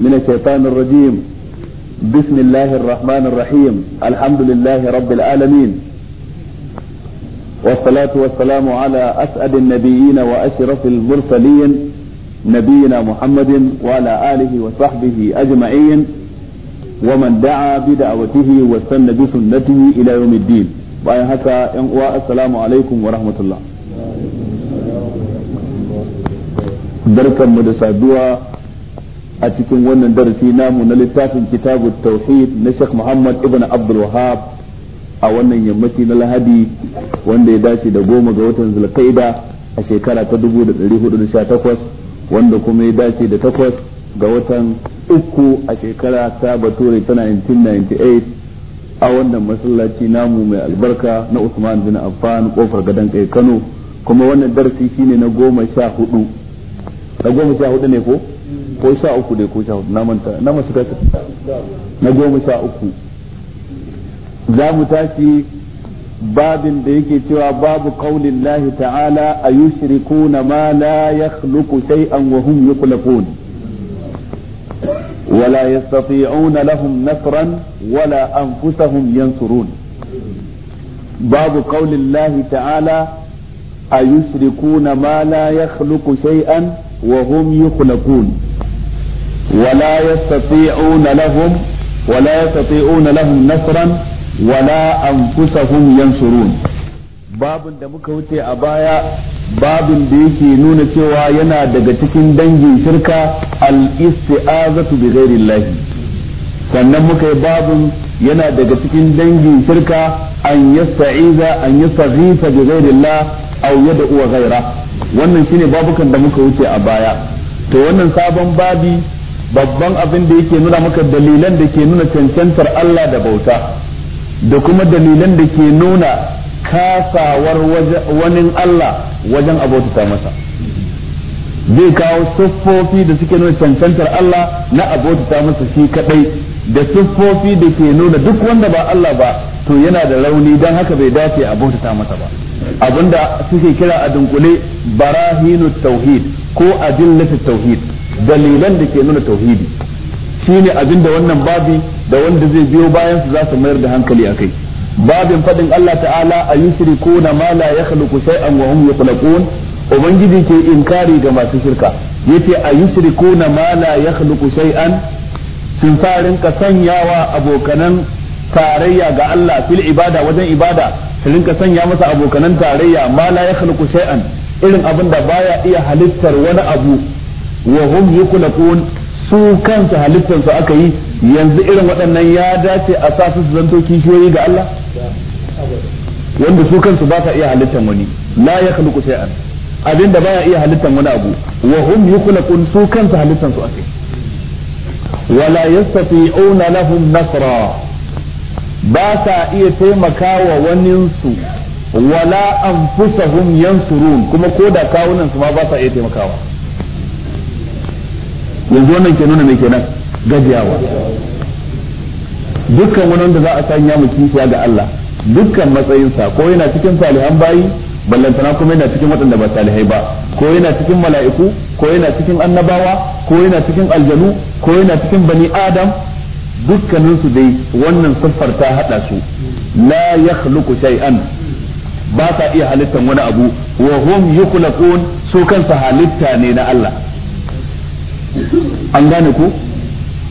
من الشيطان الرجيم بسم الله الرحمن الرحيم الحمد لله رب العالمين والصلاة والسلام على أسعد النبيين وأشرف المرسلين نبينا محمد وعلى آله وصحبه أجمعين ومن دعا بدعوته واستنى بسنته إلى يوم الدين bayan haka yan عليكم ورحمة الله wa rahmatullah a cikin wannan darasi namu na littafin kitabu tauhid na Sheikh Muhammad ibn Abdul Wahab a wannan yammaci na Lahadi wanda ya dace da goma ga watan Zulqaida a shekara ta 1418 wanda kuma ya dace da takwas ga watan uku a shekara ta Bature ta 1998 a wannan masallaci namu mai albarka na Usman bin Affan kofar gadan kai Kano kuma wannan darasi shine na goma sha hudu da goma sha hudu ne ko ko sha uku ne ko sha hudu na manta na masu kaka na goma sha uku za mu tashi babin da yake cewa babu kaulin lahi ta'ala a yushrikuna ma la yakhluqu shay'an wa hum yukhlaqun ولا يستطيعون لهم نصرا ولا أنفسهم ينصرون باب قول الله تعالى أيشركون ما لا يخلق شيئا وهم يخلقون ولا يستطيعون لهم ولا يستطيعون لهم نصرا ولا انفسهم ينصرون babin da muka wuce a baya babin da yake nuna cewa yana daga cikin dangin shirka al-isti'azatu bi ghairillah sannan muka yi babin yana daga cikin dangin shirka an yasta'iza an yastaghitha bi ghairillah aw yad'u ghaira wannan shine babukan da muka wuce a baya to wannan sabon babi babban abin da yake nuna maka dalilan da ke nuna cancantar Allah da bauta da kuma dalilan da ke nuna kasawar wani Allah wajen abota masa zai kawo siffofi da suke nuna cancantar Allah na abota masa shi kadai da siffofi da ke nuna duk wanda ba Allah ba to yana da rauni don haka bai dace abota masa ba abinda suke kira a dunkule barahinu tauhid ko adillatu tauhid dalilan da ke nuna tauhidi shine abin da wannan babi da wanda zai biyo bayan su za su mayar da hankali a kai babin fadin Allah ta'ala a yushrikuna ma la yakhluqu shay'an wa hum yukhlaqun ubangiji ke inkari ga masu shirka yace a yushrikuna ma la yakhluqu shay'an sun farin ka sanyawa abokanan tarayya ga Allah fil ibada wajen ibada su rinka sanya masa abokanan tarayya ma la shay'an irin abin da baya iya halittar wani abu wa hum yukhlaqun su kansu halittar su aka yi yanzu irin waɗannan ya dace a sa su zanto kishiyoyi ga Allah wanda su kansu ba ta iya halittar wani la ya khluqu shay'an abinda baya iya halittar wani abu wa hum yukhlaqun su kansu halittar su aka yi wala yastati'una lahum nasra ba sa iya taimakawa waninsu wala anfusahum yansurun kuma ko da kawunan su ma ba sa iya taimakawa yanzu wannan ke nuna mai kenan gajiyawa dukkan wani wanda za a sanya mu kishiya ga Allah dukkan matsayinsa ko yana cikin salihan bayi ballantana kuma yana cikin waɗanda ba salihai ba ko yana cikin mala'iku ko yana cikin annabawa ko yana cikin aljanu ko yana cikin bani adam dukkanin su dai wannan siffar ta hada su la yakhluqu shay'an ba sa iya halittan wani abu wa hum yukhlaqun su kansa halitta ne na Allah an gane ku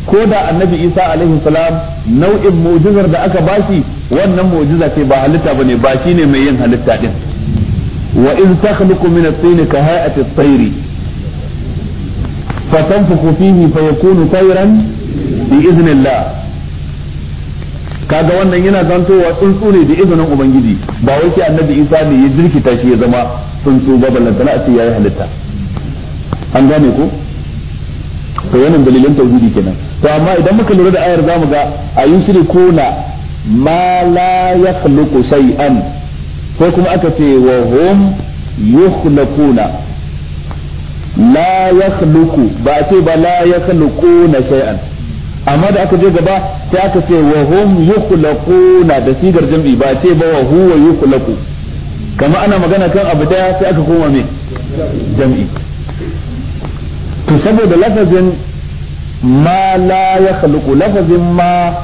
ko da annabi isa alaihi salam nau'in mu'jizar da aka bashi wannan mu'jiza ce ba halitta bane ba ne mai yin halitta din wa in takhluqu min at-tin ka hay'ati at tayri fa tanfukhu fihi fa yakunu tayran bi idhnillah kaga wannan yana zantowa tsuntsu ne da izinin ubangiji ba wai ki annabi isa ne ya jirkita shi ya zama tsuntsu ba balantana a ce yayi halitta an gane ko to wannan dalilan tauhidi kenan to amma idan muka lura da ayar zamu ga kuna ma la yakhluqu shay'an sai kuma aka ce wa hum yukhluquna la yakhluqu ba ce ba la yakhluquna shay'an amma da aka je gaba sai aka ce wa hum yukhluquna da sigar jam'i ba a ce ba wa huwa yukhluqu kama ana magana kan abu daya sai aka koma me jam'i to saboda lafazin ma la ya khaluqu lafazin ma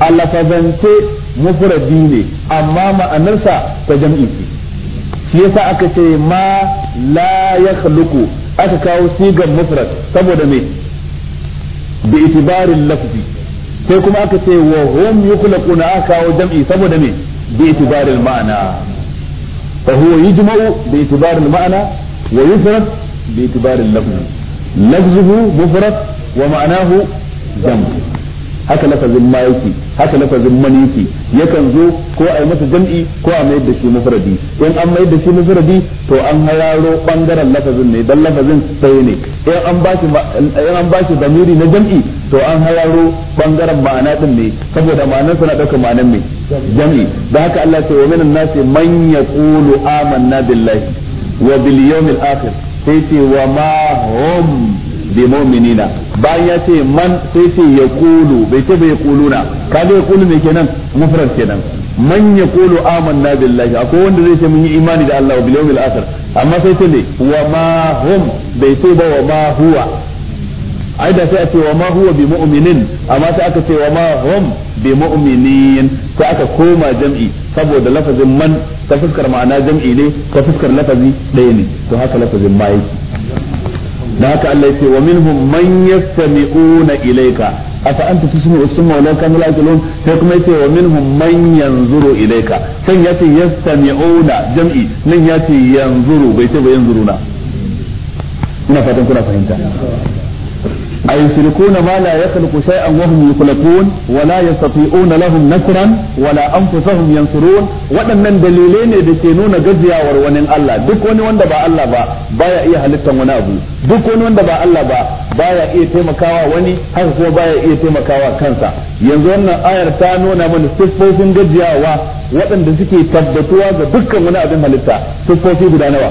a lafazance mufradi ne amma ma'anarsa ta jam'i ce shi yasa aka ce ma la ya khaluqu aka kawo sigar mufrad saboda me bi itibarin lafzi sai kuma aka ce wa hum yukhlaquna aka kawo jam'i saboda me bi itibarin ma'ana fa huwa yujma'u bi itibarin ma'ana wa yufrad باعتبار اللفظ لفظه مفرد ومعناه جمع haka lafazin ma yake haka lafazin man yake yakan zo ko a yi masa jam'i ko a mayar da shi mufradi in an mayar da shi mufradi to an hararo bangaren lafazin ne dan lafazin sai ne in an ba shi damiri na jam'i to an hararo bangaren ma'ana din ne saboda ma'anar sa na dauka ma'anar me jam'i da haka Allah ya mana nasi man amanna billahi wa bil yawmil sai ce wa ma hum bi mu'minina bayan ya ce man sai ce kulu bai ce bai ka kaga kulu ne kenan mufrad kenan man kulu amanna billahi akwai wanda zai ce mun yi imani da Allah bil yawmil akhir amma sai ce ne wa ma hum bai ce ba wa ma huwa ai da sai a ce wa ma huwa bi mu'minin amma sai aka ce wa ma hum bi mu'minin sai aka koma jam'i saboda lafazin man ta fuskar ma'ana jam'i ne ta fuskar lafazi ɗaya ne to haka lafazin ma yake da haka Allah ya ce wa minhum man yastami'una ilayka afa anta tusmi'u as-sam'a wa la kanu sai kuma yace wa minhum man yanzuru ilayka sai yace yastami'una jam'i nan yace yanzuru bai ce ba yanzuruna ina fatan kuna fahimta أيشركون ما لا يخلق شيئا وهم يخلقون ولا يستطيعون لهم نصرا ولا أنفسهم ينصرون waɗannan dalilai ne da ke nuna gajiyawar wani Allah duk wani wanda ba Allah ba baya iya halittar wani abu duk wani wanda ba Allah ba baya iya taimakawa wani haka kuma baya iya taimakawa kansa yanzu wannan ayar ta nuna mana siffofin gajiyawa waɗanda suke tabbatuwa ga dukkan wani abin halitta siffofi guda nawa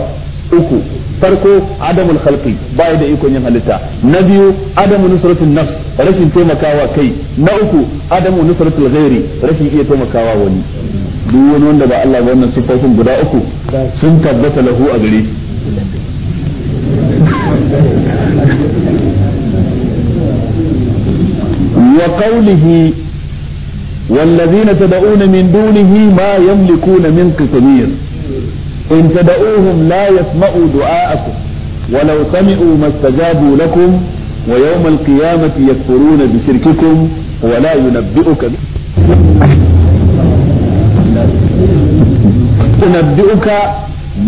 uku farko adamul khalqi baya da ikon yin halitta na biyu adamu nusratun nafs rashin taimakawa kai na uku adamu nusratul ghairi rashin iya taimakawa wani duk wani wanda ba Allah ba wannan sifofin guda uku sun tabbata lahu a gare وقوله والذين تدعون من دونه ما يملكون min قطمير in tad'uhum la yasma'u du'a'akum ولو سمعوا ما استجابوا لكم ويوم القيامة يكفرون بشرككم ولا ينبئك تنبئك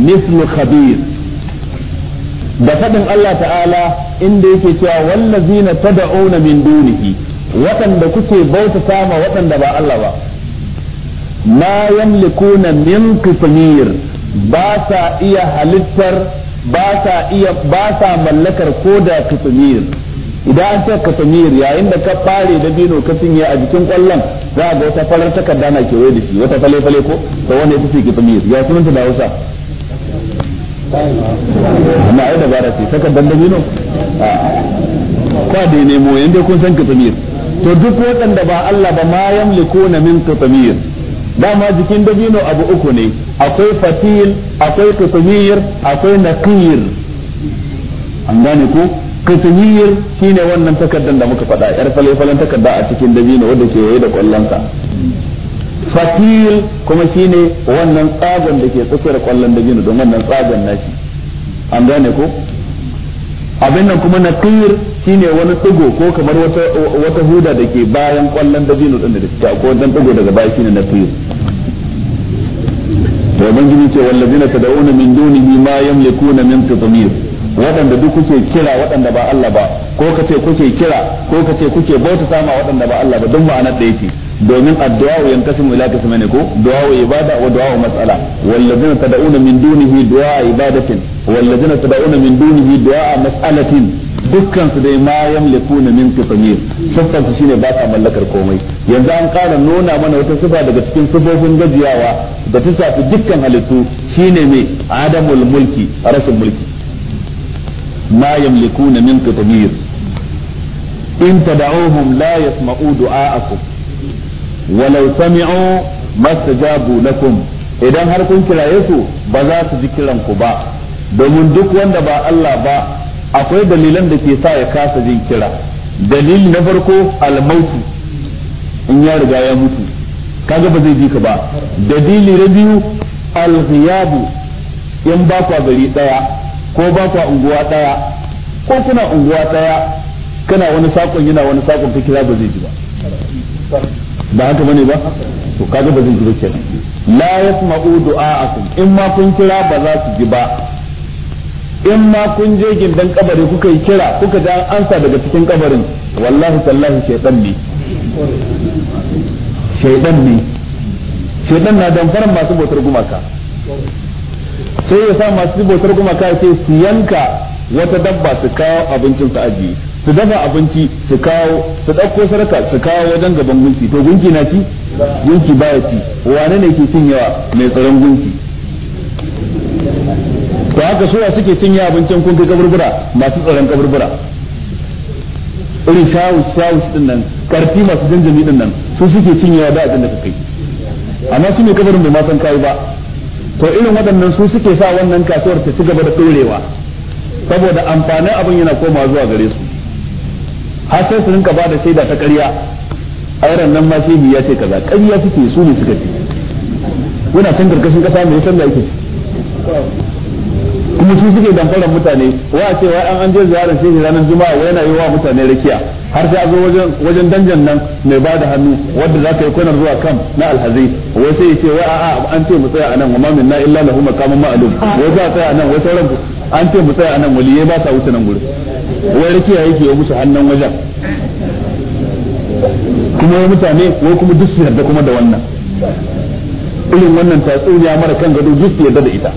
مثل خبير da faɗin Allah ta'ala inda yake cewa wallazina tad'una min dunihi waɗanda kuke bautata ma waɗanda ba Allah ba ma yamlikuna min qitmir ba sa iya halittar ba sa iya ba sa mallakar ko da kasamir idan an ce kasamir yayin da ka fare da bino ka cinye a jikin kwallon za ga wata farar takarda na kewaye da shi wata fale fale ko to wanda yake cikin kasamir ya sunanta da Hausa na ai da bara ce takardar da bino kwa da nemo yanda kun san kasamir to duk waɗanda ba Allah ba ma yamliku na min kasamir dama jikin dabino abu uku ne akwai fatil akwai kutumiyir akwai naqir an gane ko kutumiyir shine wannan takardar da muka faɗa yar falefalen takarda a cikin dabino wanda ke yayi da kwallonsa fatil kuma shine wannan tsagon da ke tsakiyar kwallon dabino don wannan tsagon nashi an gane ko abin nan kuma nakir shine wani tsugo ko kamar wata wata huda da ke bayan kwallon dabino din da take ko dan tsugo daga baya shine nakir da ubangiji ce wallazina tad'una min dunihi ma yamlikuna min qitmir waɗanda duk kuke kira waɗanda ba Allah ba ko ka kace kuke kira ko ka kace kuke bauta sama waɗanda ba Allah ba don ma'anar da yake domin addu'a wa yankasimu ila kasmani ko du'a wa ibada wa du'a wa mas'ala wallazina tad'una min dunihi du'a ibadatin wallazina tad'una min dunihi du'a mas'alatin dukkan su dai mayam yamlikuna min qitamir siffar su shine ba mallakar komai yanzu an kara nuna mana wata sifa daga cikin sifofin gajiyawa da ta shafi dukkan halittu shine mai adamul mulki rashin mulki ma yamlikuna min qitamir in tad'uhum la yasma'u du'a'akum walau sami'u mastajabu lakum idan har kun kiraye su ba za su ji kiran ku ba domin duk wanda ba Allah ba akwai dalilan da ke sa ya kasa jin kira dalili na farko almautu in ya riga ya mutu kaga ba zai ji ka ba dalili na biyu alghiyabu in ba kwa gari daya ko ba kwa unguwa daya ko kuna unguwa daya kana wani sakon yana wani sakon ka kira ba zai ji ba ba haka bane ba to kaga ba zai ji ba kenan la yasma'u du'a'akum in ma kun kira ba za su ji ba in ma kun je gindan kabari kuka yi kira kuka ja ansa daga cikin kabarin wallahi sallahu shaitan ne shaitan ne shaitan na damfaran masu bautar gumaka sai ya sa masu bautar gumaka sai su yanka wata dabba su kawo abincin su ajiye su dafa abinci su kawo su ɗauko sarka su kawo wajen gaban gunki to gunki na ci gunki baya ci wane ne ke cin yawa mai tsaron gunki da haka suwa suke cinye abincin kun kai kaburbura masu tsaron kaburbura irin shawus shawus din nan karfi masu janjami din nan su suke cinyewa da abin da kai amma su ne kabarin bai ma san kai ba to irin waɗannan su suke sa wannan kasuwar ta ci gaba da ɗorewa saboda amfanin abin yana koma zuwa gare su har sai su rinka ba da shaida ta ƙarya auren nan ma shehi ya ce kaza ƙarya suke su ne suka ce kuna can karkashin ƙasa mai san da yake kuma su suke damfaran mutane wa ce wa an je ziyarar shi ranar juma'a wa yana yi wa mutane rakiya har sai a zo wajen wajen danjan nan mai ba da hannu wanda za ka yi kwanar zuwa kam na alhazi wai sai ya ce wa a'a an ce mu tsaya anan wa ma minna illa lahu maqamun ma'lum wai za a tsaya anan wai sauran an ce mu tsaya anan ya ba sa wuce nan gurin wai rakiya yake ya musu hannun wajen kuma wai mutane wai kuma duk su yarda kuma da wannan irin wannan tatsuniya mara kan gado duk su yarda da ita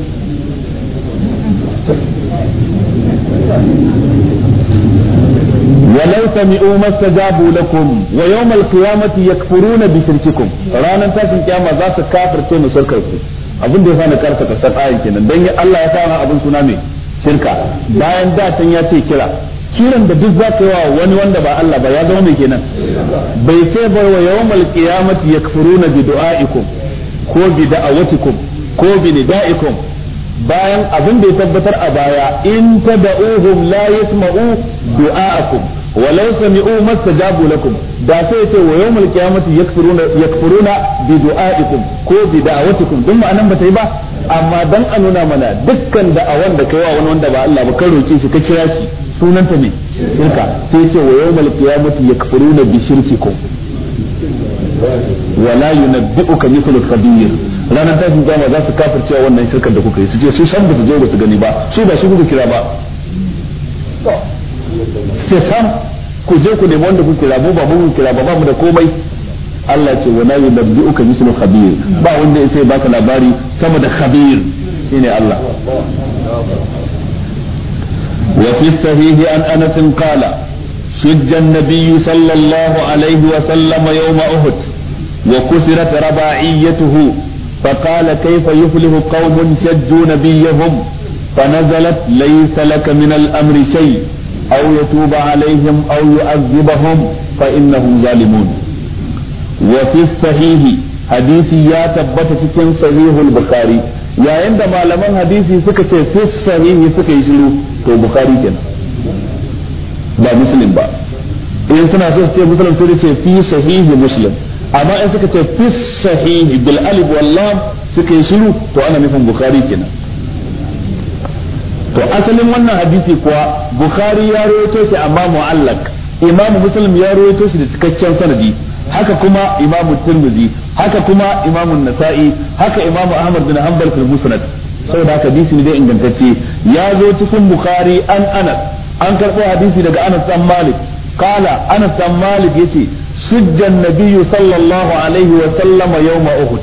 walau sami'u mastajabu lakum wa yawmal qiyamati yakfuruna bi shirkikum ranan tashin kiyama za su kafirce mu shirkar ku abin da ya fara karta kasar ayin kenan dan ya Allah ya kawo abin suna mai shirka bayan da tan ya ce kira kiran da duk zaka yi wa wani wanda ba Allah ba ya zama mai kenan bai ce ba wa yawmal qiyamati yakfuruna bi du'aikum ko bi da'awatikum ko bi nidaikum bayan abin da ya tabbatar a baya in tad'uhum la yasma'u du'aakum walau sami'u mastajabu lakum da sai ce wa yawmal qiyamati yakfuruna yakfuruna bi du'aikum ko bi da'awatikum dun ma'anan ba ta yi ba amma dan a nuna mana dukkan da'awan da kai wa wani wanda ba Allah ba ka roke shi ka kira shi sunanta ne shirka sai ce wa yawmal qiyamati yakfuruna bi shirkikum wala yunabbi'uka mithlu khabir ranar tashin zama za su kafircewa wannan shirkar da kuka yi su ce su san ba su je ba su gani ba su ba shi kuka kira ba ce sam ku je ku nemi wanda kuka kira mu ba mun kira ba ba mu da komai Allah ce wala yunabbi'uka mithlu khabir ba wanda ya sai baka labari sama da khabir shine Allah وفي الصحيح عن qala قال شج النبي sallallahu alaihi wa وسلم يوم أحد وكسرت رباعيته فقال كيف يفلح قوم شجوا نبيهم فنزلت ليس لك من الأمر شيء أو يتوب عليهم أو يعذبهم فإنهم ظالمون وفي الصحيح hadisi ya tabbata cikin sahihul bukhari yayin da malaman hadisi suka ce fi sahihi suka yi shiru to bukhari kenan ba muslim ba in suna so su ce muslim sahihi amma in suka ce fi sahihi bil alif wal lam suka yi shiru to ana nufin bukhari kenan to asalin wannan hadisi kuwa bukhari ya rawaito shi amma mu'allaq imam muslim ya rawaito shi da cikakken sanadi haka kuma imam tirmidhi haka kuma imamu nasa'i haka imam ahmad bin hanbal fil musnad saboda haka hadisi ne dai ingantacce ya zo cikin bukhari an anas an karbo hadisi daga anas dan malik kala anas dan malik yace سج النبي صلى الله عليه وسلم يوم أهد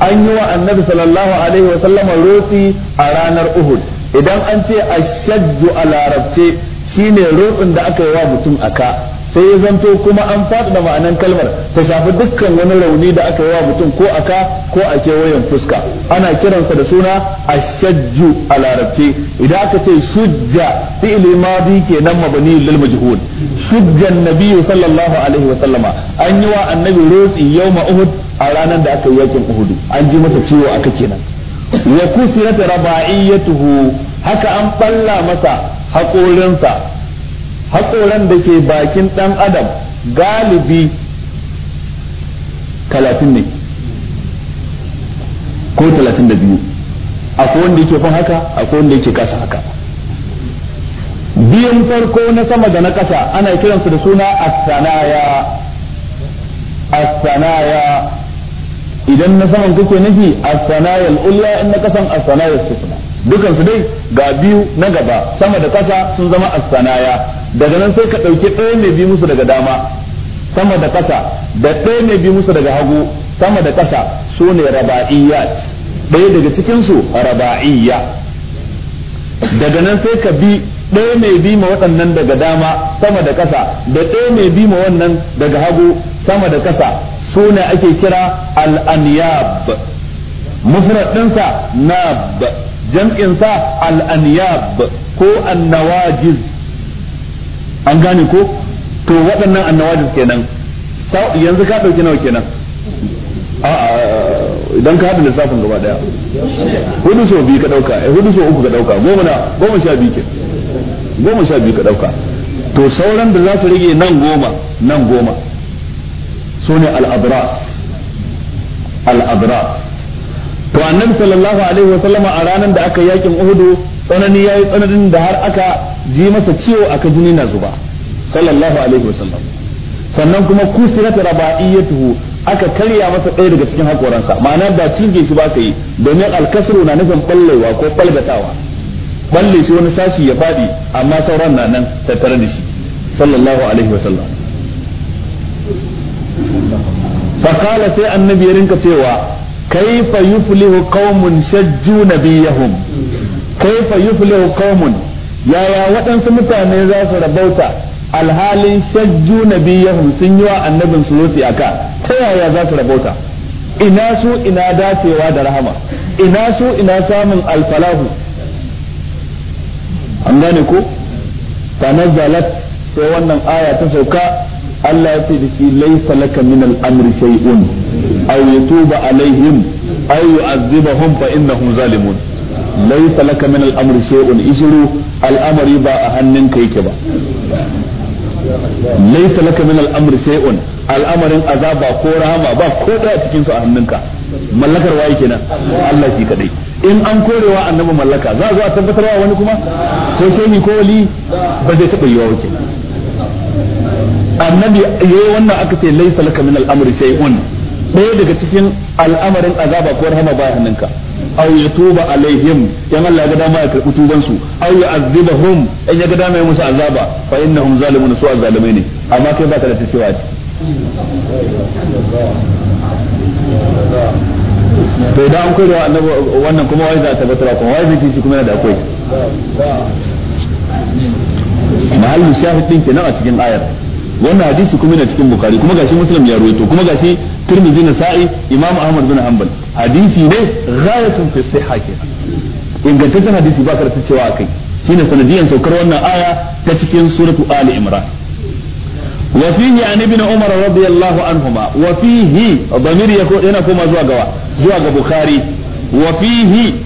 an yi wa annabi sallallahu alaihi wasallama rotsi a ranar uhud idan an ce ashaddu a larabce shine rotsin da aka yi wa mutum aka sai ya zanto kuma an da ma'anan kalmar ta shafi dukkan wani rauni da aka yi wa mutum ko aka ko a kewayen fuska ana kiransa da suna ashajju a larabci idan aka ce shujja fi'li madi kenan mabani lil majhul shujjan nabiyyu sallallahu alaihi wa sallama an yi wa annabi rotsi yawma uhud a ranar da aka yi yakin uhud an ji masa ciwo aka kenan wa ya tuhu haka an ɓalla masa haƙorinsa haƙoran da ke bakin ɗan adam galibi talatin ne ko talatin da biyu akwai wanda yake fin haka akwai wanda yake kasa haka biyan farko na sama da na ƙasa ana kiransu da suna asanaya asanaya idan na saman kake nufi asanayal ulla in na kasan asanayal sufna dukan su dai ga biyu na gaba sama da ƙasa sun zama asanaya daga nan sai ka ɗauki ɗaya mai bi musu daga dama sama da ƙasa da ɗaya mai bi musu daga hagu sama da ƙasa su ne raba'iyya ɗaya daga cikinsu raba'iyya daga nan sai ka bi ɗaya mai bi ma waɗannan daga dama sama da ƙasa da ɗaya mai bi ma wannan daga hagu sama da ƙasa su ne ake kira al'aniyab mufrad ɗinsa nab jam'insa al'aniyab ko annawajiz an gane ko to waɗannan annawajin kenan yanzu ka ɗauki nawa kenan idan ka haɗa lissafin gaba ɗaya hudu sau biyu ka ɗauka eh, hudu sau uku ka ɗauka goma na goma sha biyu ke goma sha biyu ka ɗauka to sauran da za su rage nan goma nan goma su ne al'adura al'adura to annabi sallallahu alaihi wasallama a ranar da aka yakin uhudu tsanani ya yi tsananin da har aka ji masa ciwo aka jini na zuba sallallahu alaihi wasallam sannan kuma kusirat raba'iyatuhu aka karya masa ɗaya daga cikin hakoransa ma'ana ba cinge shi ba ka yi domin alkasru na nufin ballewa ko balgatawa balle shi wani sashi ya faɗi amma sauran na nan tattare da shi sallallahu alaihi wasallam fakala sai annabi ya rinka cewa kaifa yuflihu qaumun shajju nabiyahum kaifa yuflihu qaumun yaya waɗansu mutane za su rabauta alhalin shajju nabiyahum sun yi wa annabin su aka ta yaya za su rabauta ina su ina dacewa da rahama ina su ina samun alfalahu an gane ko tanazzalat wannan aya ta sauka Allah ya ce da shi laisa laka min al-amri shay'un aw yatuba alaihim aw yu'adhibahum fa innahum zalimun laisa laka min al-amri shay'un ishiru al'amari ba a hannunka yake ba laisa laka min al-amri shay'un al'amarin azaba ko rahama ba ko da cikin su a hannunka mallakar waye kenan Allah shi kadai in an korewa annabi mallaka za a zo a tabbatarwa wani kuma ko ni ko wali ba zai taba yiwa wuce annabi yayi wannan aka ce laisa laka min al-amri shay'un ɗaya daga cikin al'amarin azaba ko rahama ba hannunka aw yatuba alaihim yan Allah ga dama ya karbi tuban su aw yu'adhibahum in ya ga dama ya musu azaba fa innahum zalimun su azzalimai ne amma kai baka da ta cewa to idan an koyarwa annabi wannan kuma wai za ta tabbatar kuma wai zai ci kuma yana da akwai mahallin shahid din kenan a cikin ayar wannan hadisi kuma yana cikin bukari kuma gashi muslim ya rawaito kuma gashi tirmidhi na sa'i imam ahmad bin hanbal hadisi ne ghayatun fi sihha kenan ingantaccen hadisi ba karatu cewa akai shine sanadiyan saukar wannan aya ta cikin suratu ali imran وفيه عن ابن عمر رضي الله عنهما yana koma zuwa هنا zuwa ga غوا زوا بخاري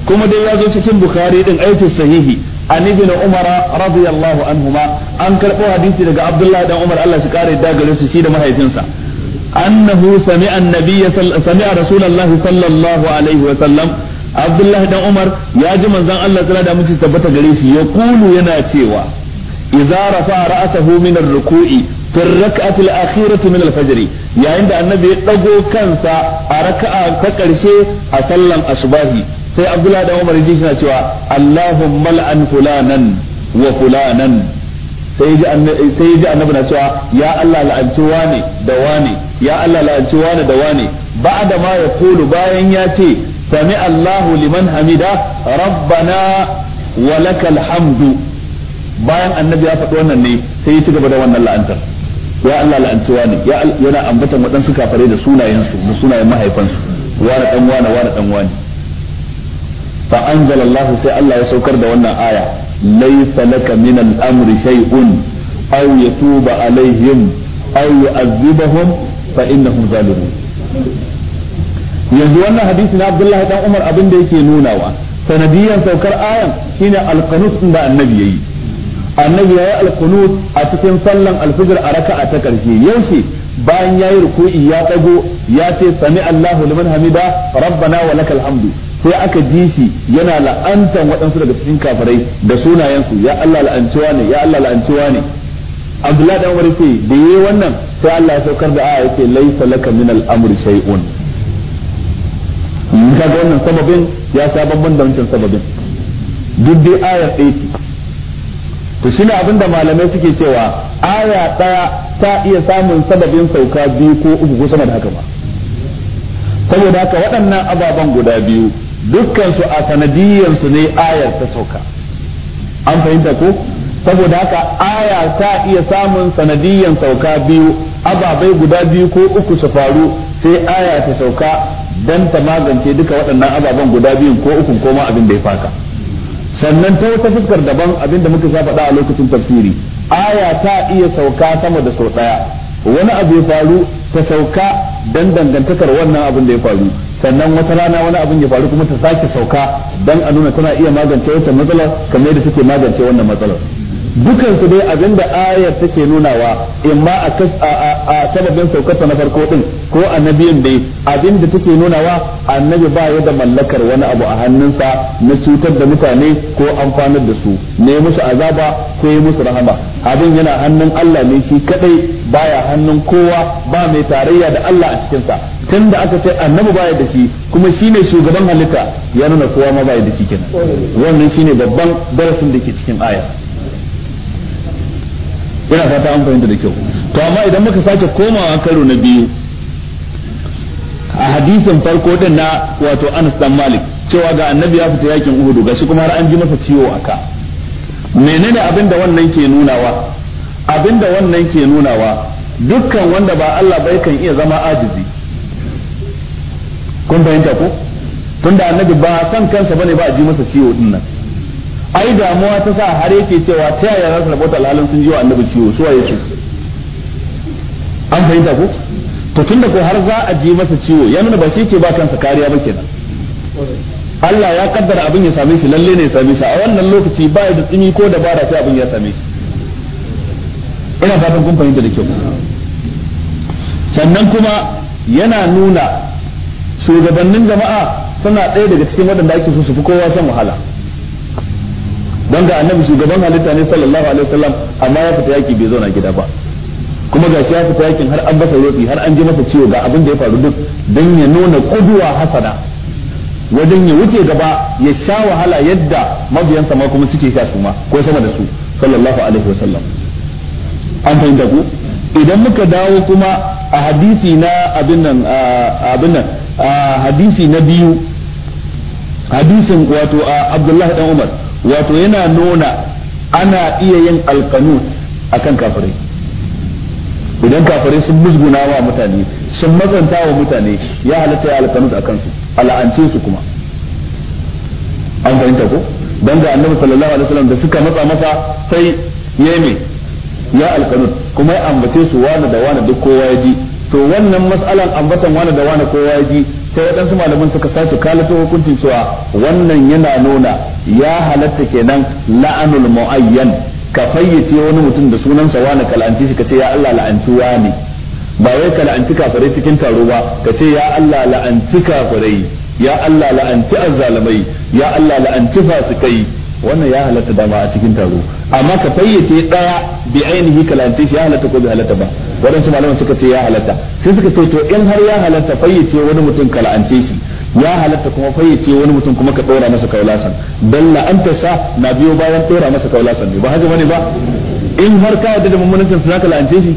kuma dai دي يازو cikin bukhari din aitu sahihi an ibn umar radiyallahu anhuma an karbo hadisi daga abdullahi dan umar Allah shi kare da gare shi da mahaifinsa annahu sami'a annabiyya sami'a rasulullahi sallallahu alaihi wa sallam abdullahi dan umar ya ji manzon Allah tsira da mutum tabbata gare shi yaqulu yana cewa idza rafa ra'atahu min ar-ruku'i fi ar-rak'ati al-akhirati min al yayin da annabi ya dago kansa a raka'a ta karshe a sallan asbahi sai abdullahi dan umar ji suna cewa allahumma la'an fulanan wa fulanan sai ji sai ji annabi na cewa ya Allah la'anci wani da wani ya Allah la'anci wani da wani ba'da ma ya kulu bayan ya ce sami Allahu liman hamida rabbana wa lakal hamdu bayan annabi ya faɗi wannan ne sai ya ci gaba da wannan la'antar ya Allah la'anci wane yana ambatan waɗansu kafare da sunayensu da sunayen mahaifansu wane dan wane wani. dan wane fa anzalallahu sai Allah ya saukar da wannan aya laysa laka min al-amri shay'un aw yatuba alaihim aw yu'adhibahum yanzu wannan hadisi na Abdullahi dan Umar abin da yake nunawa sanadiyan saukar ayan shine al in din da annabi yayi annabi yayi al a cikin sallan al-fajr a raka'a ta karshe yaushe bayan yayi ruku'i ya tago ya ce sami Allahu liman hamida rabbana wa lakal hamdu sai aka ji shi yana la'antan waɗansu daga cikin kafirai da sunayensu ya Allah la'ancewa ne ya Allah la'antuwa ne Abdullahi dan Umar yace da yayi wannan sai Allah ya saukar da aya yace laisa laka min al-amri shay'un kaga wannan sababin ya sabon bamban da wancan sababin duk dai aya ɗaya to shine abinda malamai suke cewa aya ɗaya ta iya samun sababin sauka biyu ko uku ko sama da haka ba saboda haka waɗannan ababen guda biyu Dukkansu a sanadiyan su ne ayar ta sauka an fahimta ko saboda haka aya ta iya samun sanadiyyan sauka biyu ababai guda biyu ko uku su faru sai aya ta sauka dan ta magance duka waɗannan ababen guda biyun ko ukun ko ma abin da ya faka sannan ta wata fuskar daban abin da muka sha faɗa a lokacin tafsiri aya ta iya sauka sama da sau ɗaya wani abu ya faru ta sauka dan dangantakar wannan abin da ya faru sannan wata rana wani abin ya faru kuma ta sake sauka dan a nuna tana iya magance wata matsalar kamar yadda take magance wannan matsalar dukan su dai abin da ayar take nunawa imma a a sababin saukarta na farko din ko annabiyin dai abin da take nunawa annabi ba ya da mallakar wani abu a hannunsa na cutar da mutane ko amfanar da su ne musu azaba ko yi musu rahama abin yana hannun Allah ne shi kadai baya hannun kowa ba mai tarayya da Allah a cikin sa tun da aka ce annabi baya da shi kuma shi ne shugaban halitta ya nuna kowa ma baya da shi kenan wannan shine babban darasin da ke cikin aya ina fata an fahimta da kyau to amma idan muka sake komawa karo na biyu a hadisin farko din na wato Anas dan Malik cewa ga annabi ya fita yakin Uhud gashi kuma har an ji masa ciwo aka menene abin wannan ke nunawa abin da wannan ke nunawa dukkan wanda ba Allah bai kan iya zama ajizi kun fahimta ko tunda annabi ba san kansa bane ba a ji masa ciwo din nan ai damuwa ta sa har yake cewa ta yaya za su rabota alhalin sun ji wa annabi ciwo su waye su an fahimta ko to tunda ko har za a ji masa ciwo ya nuna ba shi ke ba kansa kariya ba kenan Allah ya kaddara abin ya same shi lalle ne ya same shi a wannan lokaci ba da tsimi ko dabara sai abin ya same shi ina fatan kun fahimta da kyau sannan kuma yana nuna shugabannin jama'a suna ɗaya daga cikin waɗanda ake so su fi kowa shan wahala don ga annabi shugaban halitta ne sallallahu alaihi wasallam amma ya fita yaki bai zauna gida ba kuma ga ya fita yakin har an masa rofi har an ji masa ciwo ga abin da ya faru duk don ya nuna kuduwa hasana wajen ya wuce gaba ya sha wahala yadda mabiyansa ma kuma suke sha su ma ko sama da su sallallahu alaihi wasallam an fahimta ku idan muka dawo kuma a hadisi na abin nan abin nan a hadisi na biyu hadisin wato a Abdullahi dan Umar wato yana nuna ana iya yin alqanut akan kafirai idan kafirai sun musguna wa mutane sun matsanta wa mutane ya halatta ya alkanut a kansu ala'ance su kuma an fahimta ko dan ga annabi sallallahu alaihi wasallam da suka matsa masa sai yeme ya alkanut kuma ya ambace su wani da wani duk kowa ya ji to wannan mas'alan ambatan wani da wani kowa ya ji sai waɗansu malaman suka sake kalata hukuncin cewa wannan yana nuna ya halatta kenan la'anul mu'ayyan ka fayyace wani mutum da sunansa wani kal'anci shi ka ce ya Allah la'anci wani ba wai ka la'anci kafirai cikin taro ba ka ce ya Allah la'anci kafirai ya Allah la'anci azzalamai ya Allah la'anci fasikai wannan ya halatta dama a cikin taro amma ka fayyace daya bi ainihi kalante shi ya halatta ko bi halatta ba wadansu malaman suka ce ya halatta sai suka ce to in har ya halatta fayyace wani mutum kalance shi ya halatta kuma fayyace wani mutum kuma ka dora masa kaulasan dan la'anta sa na biyo bayan dora masa kaulasan ba haje bane ba in har ka yadda da mummunancin sa ka shi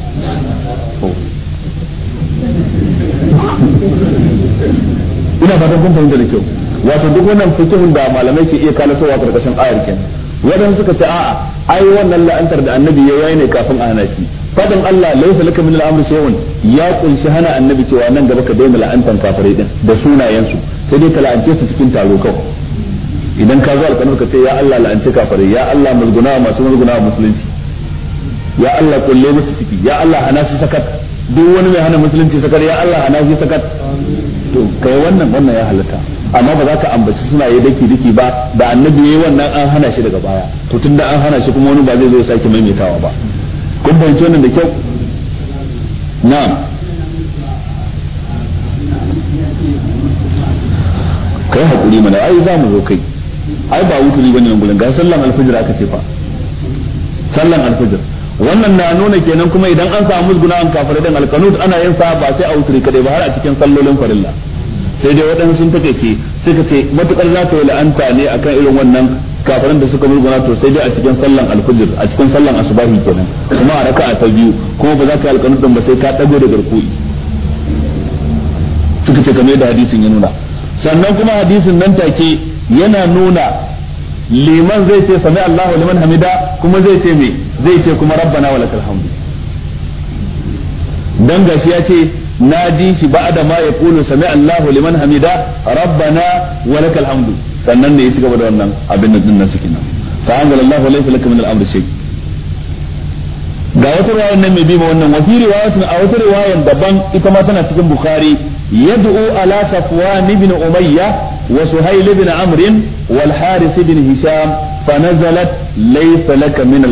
ina fatan kun fahimta da kyau wato duk wannan fikihin da malamai ke iya kalasowa karkashin ayar kin wadan suka ce a'a ai wannan la'antar da annabi ya yi ne kafin a hana shi fadin Allah laysa laka min al-amri shay'un ya kunshi hana annabi cewa nan gaba ka daina la'antar kafirai din da sunayensu sai dai ka la'ance su cikin taro kawai idan ka zo alƙanar ka ce ya Allah la'anci kafirai ya Allah mulguna masu mulguna musulunci ya Allah kulle musu ciki ya Allah hana su sakat duk wani mai hana musulunci sakat ya Allah hana shi sakat to kai wannan wannan ya halatta amma ba za ka ambaci suna yi daki daki ba da annabi yayi wannan an hana shi daga baya to tunda an hana shi kuma wani ba zai zo sake maimaitawa ba kun fahimci wannan da kyau na'am kai hakuri mana ai za mu zo kai ai ba wuturi bane nan gurin ga sallan alfajir aka ce fa sallan alfajir wannan na nuna kenan kuma idan an samu musguna an kafirai dan alkanut ana yin sa ba sai a wutri kadai ba har a cikin sallolin farilla sai dai waɗansu sun take ke suka ce matukar za ta yi la'anta ne akan irin wannan kafaran da suka musguna to sai dai a cikin sallan alfajir a cikin sallan asubahi kenan kuma a raka'a ta biyu kuma ba za ka yi alkanut ba sai ka dago da garkuwi suka ce kamar yadda hadisin ya nuna sannan kuma hadisin nan take yana nuna liman zai ce sami Allahu liman hamida kuma zai ce me zai ce kuma rabbana walakal hamdu dan gashi ya ce na ji shi ba'da ma ya kulu sami Allahu liman hamida rabbana walakal hamdu sannan ne ya ci gaba da wannan abin da dinnan suke nan fa anzalallahu laysa lakum min al-amri shay ga wata riwayar nan mai bi ma wannan wasi riwayatun a wata riwayar daban ita ma tana cikin bukhari yad'u ala safwan ibn umayya wa suhayl ibn amr wal haris ibn hisham fa nazalat laysa laka min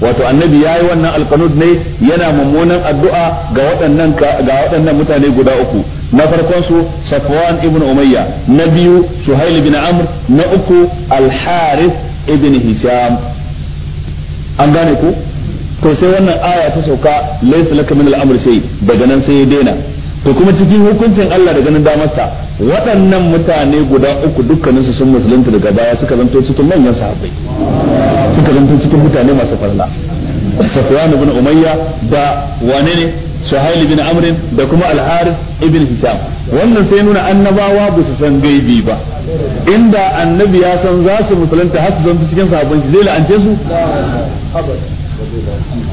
wato annabi yayi wannan alqanud ne yana mummunan addu'a ga waɗannan ga waɗannan mutane guda uku na farkon su safwan ibn umayya na biyu suhail ibn amr na uku al haris ibn hisham an gane ku to sai wannan aya ta sauka laysa laka min al amri shay daga nan sai ya daina to kuma cikin hukuncin Allah da ganin damarsa waɗannan mutane guda uku dukkaninsu sun musulunta daga baya suka zanto cikin manyan sahabbai suka zanto cikin mutane masu farla Safwan ibn Umayya da wane ne Suhail ibn Amr da kuma Al-Harith ibn Hisham wannan sai nuna annabawa ba su san gaibi ba inda annabi ya san za su musulunta har su zanto cikin sahabbai zai la'ance su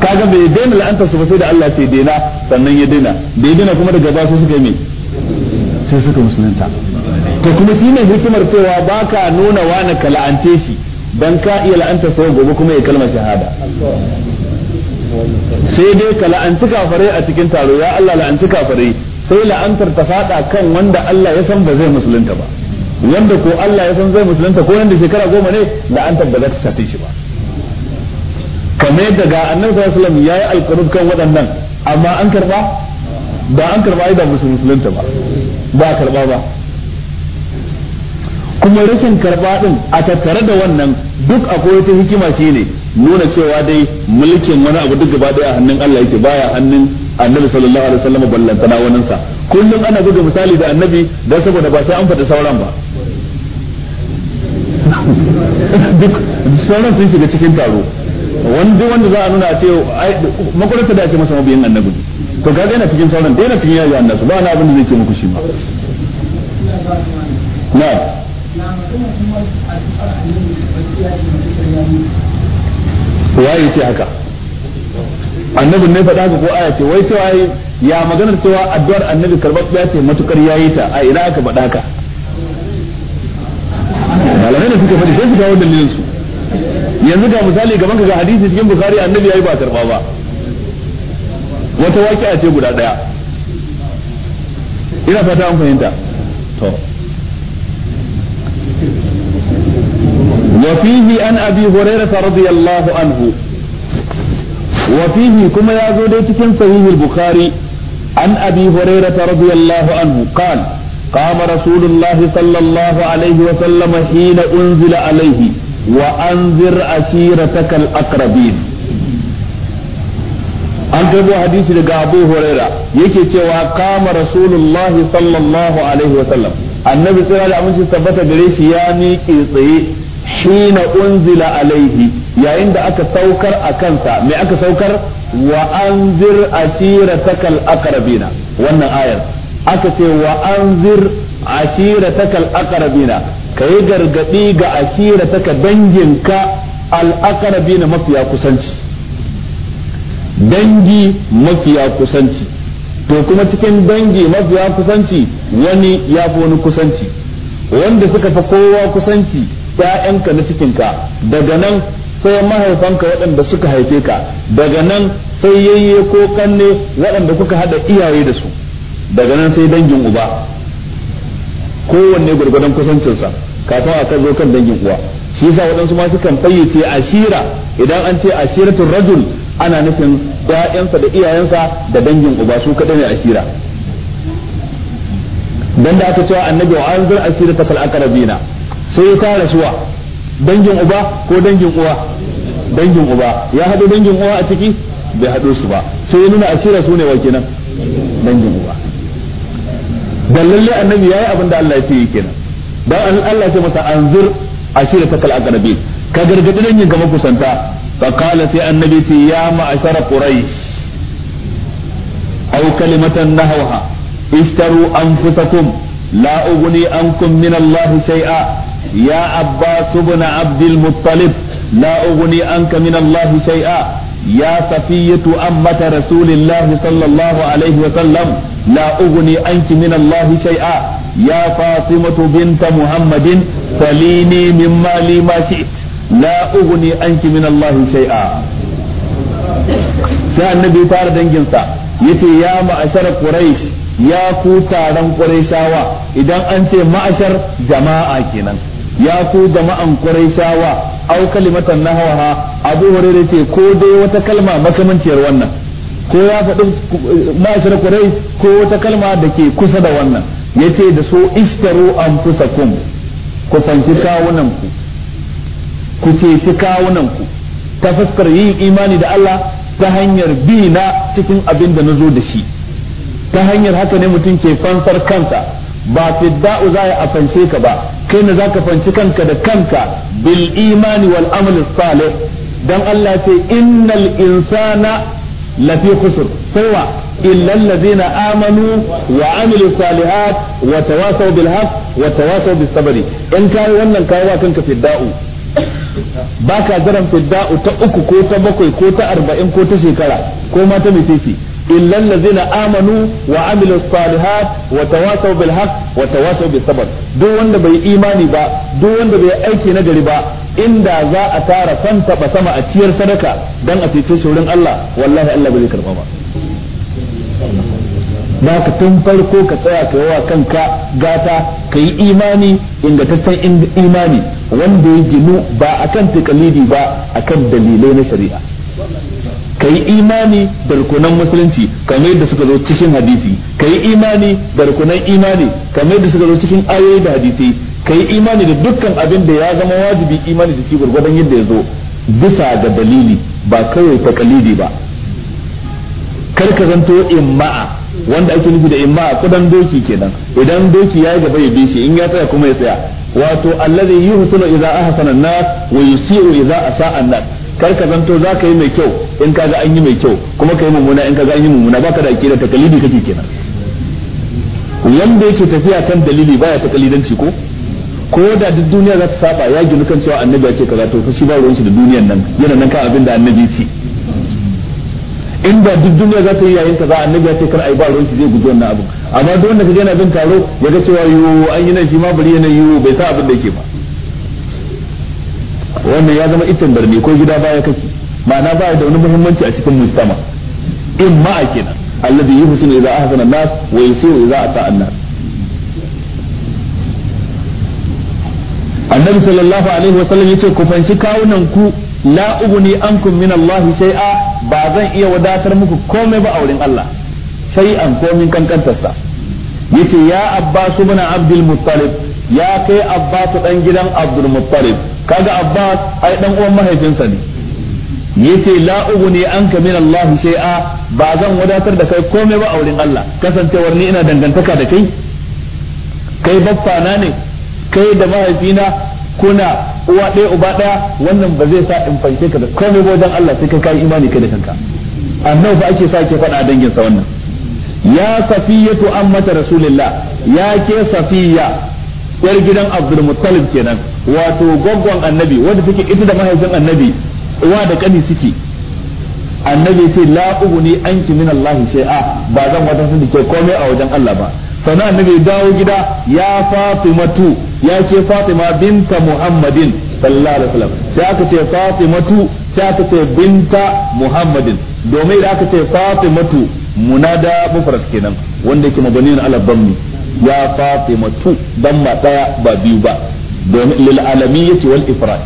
kaga bai daina la'anta su ba sai da Allah sai daina sannan ya daina bai daina kuma daga ba su suka yi sai suka musulunta to kuma shi ne hikimar cewa baka ka nuna wani ka la'ance shi dan ka iya la'anta sa gobe kuma ya kalmar shahada sai dai ka la'anci kafare a cikin taro ya Allah la'anci kafare sai la'antar ta fada kan wanda Allah ya san ba zai musulunta ba wanda ko Allah ya san zai musulunta ko nan da shekara goma ne la'antar ba za ta shafe shi ba kamar yadda ga annabi sallallahu alaihi wasallam yayi alqurub kan waɗannan amma an karba ba an karba ai da musulunta ba ba karba ba kuma rashin karba din a tattare da wannan duk akwai wata hikima ne nuna cewa dai mulkin wani abu duk gaba daya a hannun Allah yake baya hannun annabi sallallahu alaihi wasallam na wannan sa kullum ana buga misali da annabi dan saboda ba sai an fada sauran ba duk sauran sun shiga cikin taro wanda wanda za a nuna a ce makwarata da ake masa mabiyin annabi to ga yana cikin sauran da yana cikin yayi annasu ba na abin da zai ke muku shi ma na waye ce haka annabi ne faɗa ko aya ce wai cewa ya maganar cewa addu'ar annabi ya ce matukar yayi ta a ina aka faɗa ka malamai da suka faɗi sai su kawo dalilin su yanzu ga misali gaban ka ga hadisi cikin bukhari annabi yayi ba karba ba wata waqi'a ce guda daya ina fata an fahimta to وفيه عن أبي هريرة رضي الله عنه وفيه كما يعزو cikin صحيح البخاري عن أبي هريرة رضي الله عنه قال قام رسول الله صلى الله عليه وسلم حين أنزل عليه wa anzir ashirataka an karbo hadisi daga Abu Huraira yake cewa kama Rasulullah sallallahu alaihi wa sallam annabi tsira da aminci tabbata gare shi ya miƙe tsaye na unzila alaihi yayin da aka saukar a kansa mai aka saukar wa anzir ashirataka takal akarabina wannan ayar aka ce wa anzir ashirataka al-aqrabina kai gargadi ga ashirataka danginka al-aqrabina mafiya kusanci dangi mafiya kusanci to kuma cikin dangi mafiya kusanci wani ya fi wani kusanci wanda suka fi kowa kusanci ‘ya'yanka na cikinka daga nan sai mahaifanka waɗanda suka haife ka daga nan sai yayye ko kanne waɗanda kuka haɗa iyaye da su daga nan sai dangin uba kowanne gurgudan kusancinsa kafin a kan zo kan dangin uwa shi yasa waɗansu ma sukan fayyace ashira idan an ce ashiratul rajul ana nufin ƴaƴansa da iyayensa da dangin uba su kaɗai ne ashira dan da aka cewa annabi wa anzar ta fal aqrabina sai ya tara suwa dangin uba ko dangin uwa dangin uba ya haɗu dangin uwa a ciki bai haɗo su ba sai ya nuna ashira su ne wa kenan dangin uba dan lalle annabi yayi abin da Allah ya ce kenan dan Allah ya ce masa anzur ashira takal aqrabin ka gargadi dan yin gaba kusanta fa qala sai annabi ce ya ma'ashara quraish aw kalimatan nahawha ishtaru anfusakum la ughni ankum min Allah shay'a ya abbas ibn abd al-muttalib la ughni anka min Allah shay'a يا صفية أمة رسول الله صلى الله عليه وسلم لا أغني عنك من الله شيئا يا فاطمة بنت محمد سليني مما لي ما شئت لا أغني عنك من الله شيئا sai annabi fara danginsa yace ya ma'ashar quraish ya ku taron quraishawa idan an ce ma'ashar jama'a kenan ya ku jama'an quraishawa au kalimatan nahwaha abu hurairah ce ko dai wata kalma makamanciyar wannan ko ya faɗi ma'ashar quraish ko wata kalma da ke kusa da wannan yace da so istaru anfusakum ku fanci kawunan ku ku ceci kawunan ku ta fuskar yin imani da Allah ta hanyar bi na cikin abin da na da shi ta hanyar haka ne mutum ke fansar kansa ba fidda'u za a fance ka ba kai ne zaka fanci kanka da kanka bil imani wal amal salih dan Allah ce innal insana lafi khusr sawa illa allazina amanu wa amilu salihat wa tawasaw bil haqq wa tawasaw bis sabr in kai wannan kai wa kanka fidda'u baka jiran fidda'u ta uku ko ta bakwai ko ta arba'in ko ta shekara ko ma ta mitisi إلا الذين آمنوا وعملوا الصالحات وتواصوا بالحق وتواصوا بالصبر دو وند بي إيماني با دو وند بي أيكي نجري با إن دا زا أتار سنت بسما أتير صدقة دان أتيتي شورين الله والله ألا بذيك الغمام naka tun farko ka tsaya ka yawa kanka gata ka yi imani ingantaccen imani wanda ya ginu ba akan takalidi ba akan dalilai na shari'a ka imani da rukunan musulunci kamar yadda suka zo cikin hadisi ka imani da rukunan imani kamar yadda suka zo cikin ayoyi da hadisi ka imani da dukkan abin da ya zama wajibi imani da shi gurgurdan yadda ya zo bisa ga dalili ba kawai kalidi ba kar ka zanto imma'a wanda ake nufi da imma'a kudan doki kenan idan doki ya yi gaba ya bi shi in ya tsaya kuma ya tsaya wato allazi yuhsinu idza ahsana an-nas wa yusiu idza asa'a an-nas kar ka zanto za ka yi mai kyau in ga an yi mai kyau kuma ka yi mummuna in ka ga an yi mummuna ka da akida takalidi kake kenan wanda yake tafiya kan dalili baya takalidanci ko ko da duk duniya za ta saba ya gina kan cewa annabi ya ce kaza to fa shi ba ruwan shi da duniyan nan yana nan kan abin da annabi ce ba duk duniya za ta yi yayin kaza annabi ya ce kar ai ba ruwan shi zai guji wannan abin amma duk wanda je yana bin taro ya ga cewa yo an yi nan shi ma bari yana yi bai sa abin da yake ba wannan ya zama itin barni ko gida baya kake ma'ana baya da wani muhimmanci a cikin mujtama in a kenan alladhi yuhsinu idza ahsana an-nas wa yusiu idza ata'a an-nas annabi sallallahu alaihi wa sallam yace ku fanci kawunan ku la ubni ankum min Allah shay'a ba zan iya wadatar muku komai ba a wurin Allah shay'an komin kankantarsa yace ya abbasu mana abdul muttalib ya kai abbasu dan gidan abdul muttalib kaga abbas ai dan uwan mahaifinsa ne yace la ughni anka min Allah shay'a ba zan wadatar da kai komai ba wurin Allah kasancewar ni ina dangantaka da kai kai baffa na ne kai da mahaifina kuna uwa ɗaya uba ɗaya wannan ba zai sa in fanke ka da komai ba wajen Allah sai kai kai imani kai da kanka annau ba ake sake faɗa a dangin sa wannan ya safiyatu ammata rasulillah ya ke safiya yar gidan Abdul Muttalib kenan wato gwaggon annabi wanda take ita da mahaifin annabi uwa da kani suke annabi sai la ubuni anki min Allah shay'a ba zan wata sun ke komai a wajen Allah ba sannan annabi ya dawo gida ya tu ya ce Fatima binta Muhammadin sallallahu alaihi wasallam sai aka ce tu sai aka ce binta Muhammadin domin da aka ce tu munada mufrad kenan wanda yake mabani na al ya fatimatu damma daya ba biyu ba domin lil alamiyyati wal ifrad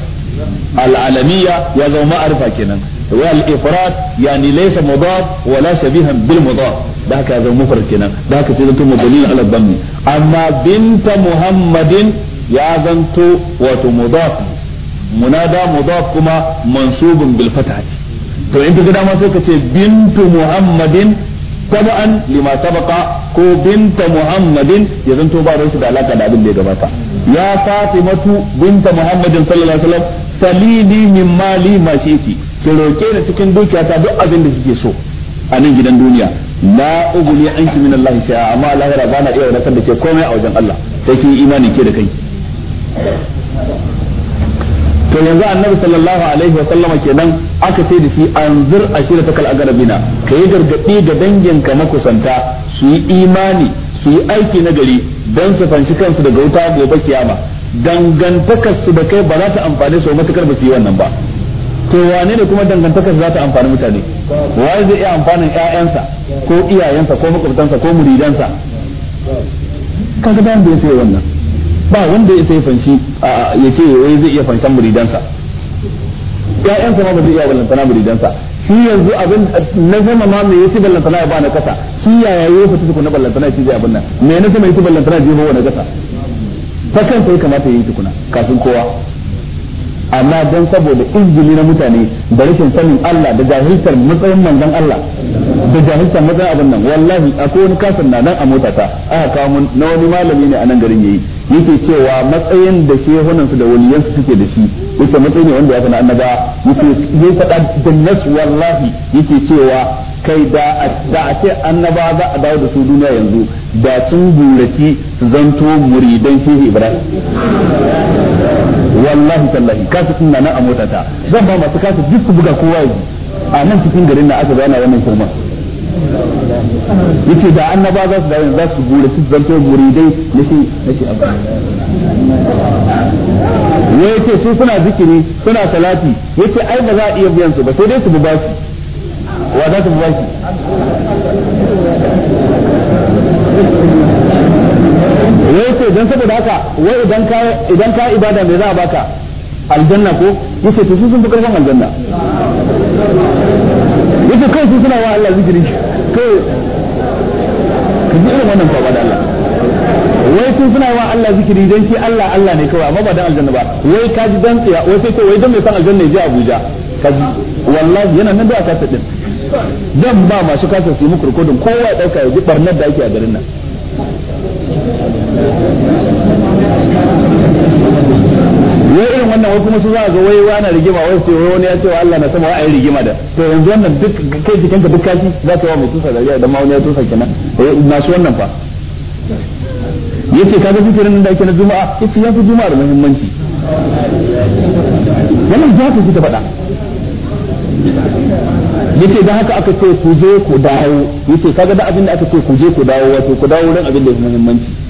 al'alamiya ya zama ma'arifa kenan wal ya yani laysa mudaf wala shabihan bil mudaf da haka ya zama mufrad kenan da haka sai zanto mudalil ala dhammi amma binta muhammadin ya zanto wato mudaf munada mudaf kuma mansubun bil fatah to in ka ga dama sai ka ce bintu muhammadin tabi'an lima sabaqa ko binta muhammadin ya zanto ba ruwansu da alaka da abin da ya gabata ya fatimatu binta muhammadin sallallahu alaihi wasallam salini min mali ma shiki ki roke ni cikin dukiyata duk abin da kike so a nan gidan duniya la ugni anki min Allah shay'a amma lahira bana iya wadatar da ke komai a wajen Allah sai kin imani ke da kai to yanzu annabi sallallahu alaihi wa sallama kenan aka ce da shi anzir ashira takal agarabina kai gargadi ga danginka makusanta su yi imani su yi aiki na gari dan su fanshi kansu daga wuta gobe kiyama dangantakar su da kai ba za ta amfane su matukar ba su yi wannan ba to wane ne kuma dangantakar za ta amfani mutane waye zai iya amfanin ƴaƴansa ko iyayensa ko makwabtansa ko muridansa kaga dan bai sai wannan ba wanda ya sai fanshi ya ce wai zai iya fanshan muridansa ƴaƴansa ma ba zai iya ballantana muridansa shi yanzu abin na zama ma me yace ballantana ya ba na kasa shi yaya yayi fita tukuna ballantana shi zai abin nan me na sama yace ballantana je hawa na kasa ta kanta ya kamata yayi tukuna kafin kowa amma don saboda izini na mutane da rashin sanin Allah da jahiltar matsayin manzon Allah da jahiltar matsayin abin nan wallahi akwai wani kasan na nan a motata aka kawo mun na wani malami ne a nan garin yayi yake cewa matsayin da shehunansu da waliyansu suke da shi yake matsayi ne wanda ya fana annaba yake zai faɗa da nas wallahi yake cewa kai da a ce annaba za a dawo da su duniya yanzu da sun buraci su zanto muridan shehu ibrahim wallahi tallahi kasu suna nan a motata zan ba masu kasu duk su buga kowa yi a nan cikin garin na aka zana wannan kurman yace da annaba za su dawo za su gure su zanto dai nake nake abu wai yace su suna zikiri suna salati yace ai ba za a iya biyan su ba sai dai su ba su wa za su ba su wai yace dan saboda haka wai idan ka idan ka ibada me za a baka aljanna ko yace to su sun fi karfin aljanna yake kai su suna wa Allah zikiri kai ka ji irin wannan kwaba da Allah wai sun suna wa Allah zikiri dan shi Allah Allah ne kawai amma ba dan aljanna ba wai ka ji dan tsaya wai sai kai wai dan mai san aljanna ya Abuja ka ji wallahi yana nan da aka tsadin dan ba masu kasa su yi muku rikodin kowa ya dauka ya ji barnar da ake a garin nan wai irin wannan wasu kuma su za a ga wai wani rigima wai su wai wani ya ce wa Allah na sama wai rigima da to yanzu wannan duk kai jikinka duk kashi za ka wa mutum sadariya idan ma wani ya tusa kenan masu wannan fa yace kaga nan da ake na juma'a yace ya fi juma'a da muhimmanci wannan za ku ta faɗa yace da haka aka ce ku je ku dawo yace kaga da abin da aka ce ku je ku dawo wato ku dawo don abin da ya muhimmanci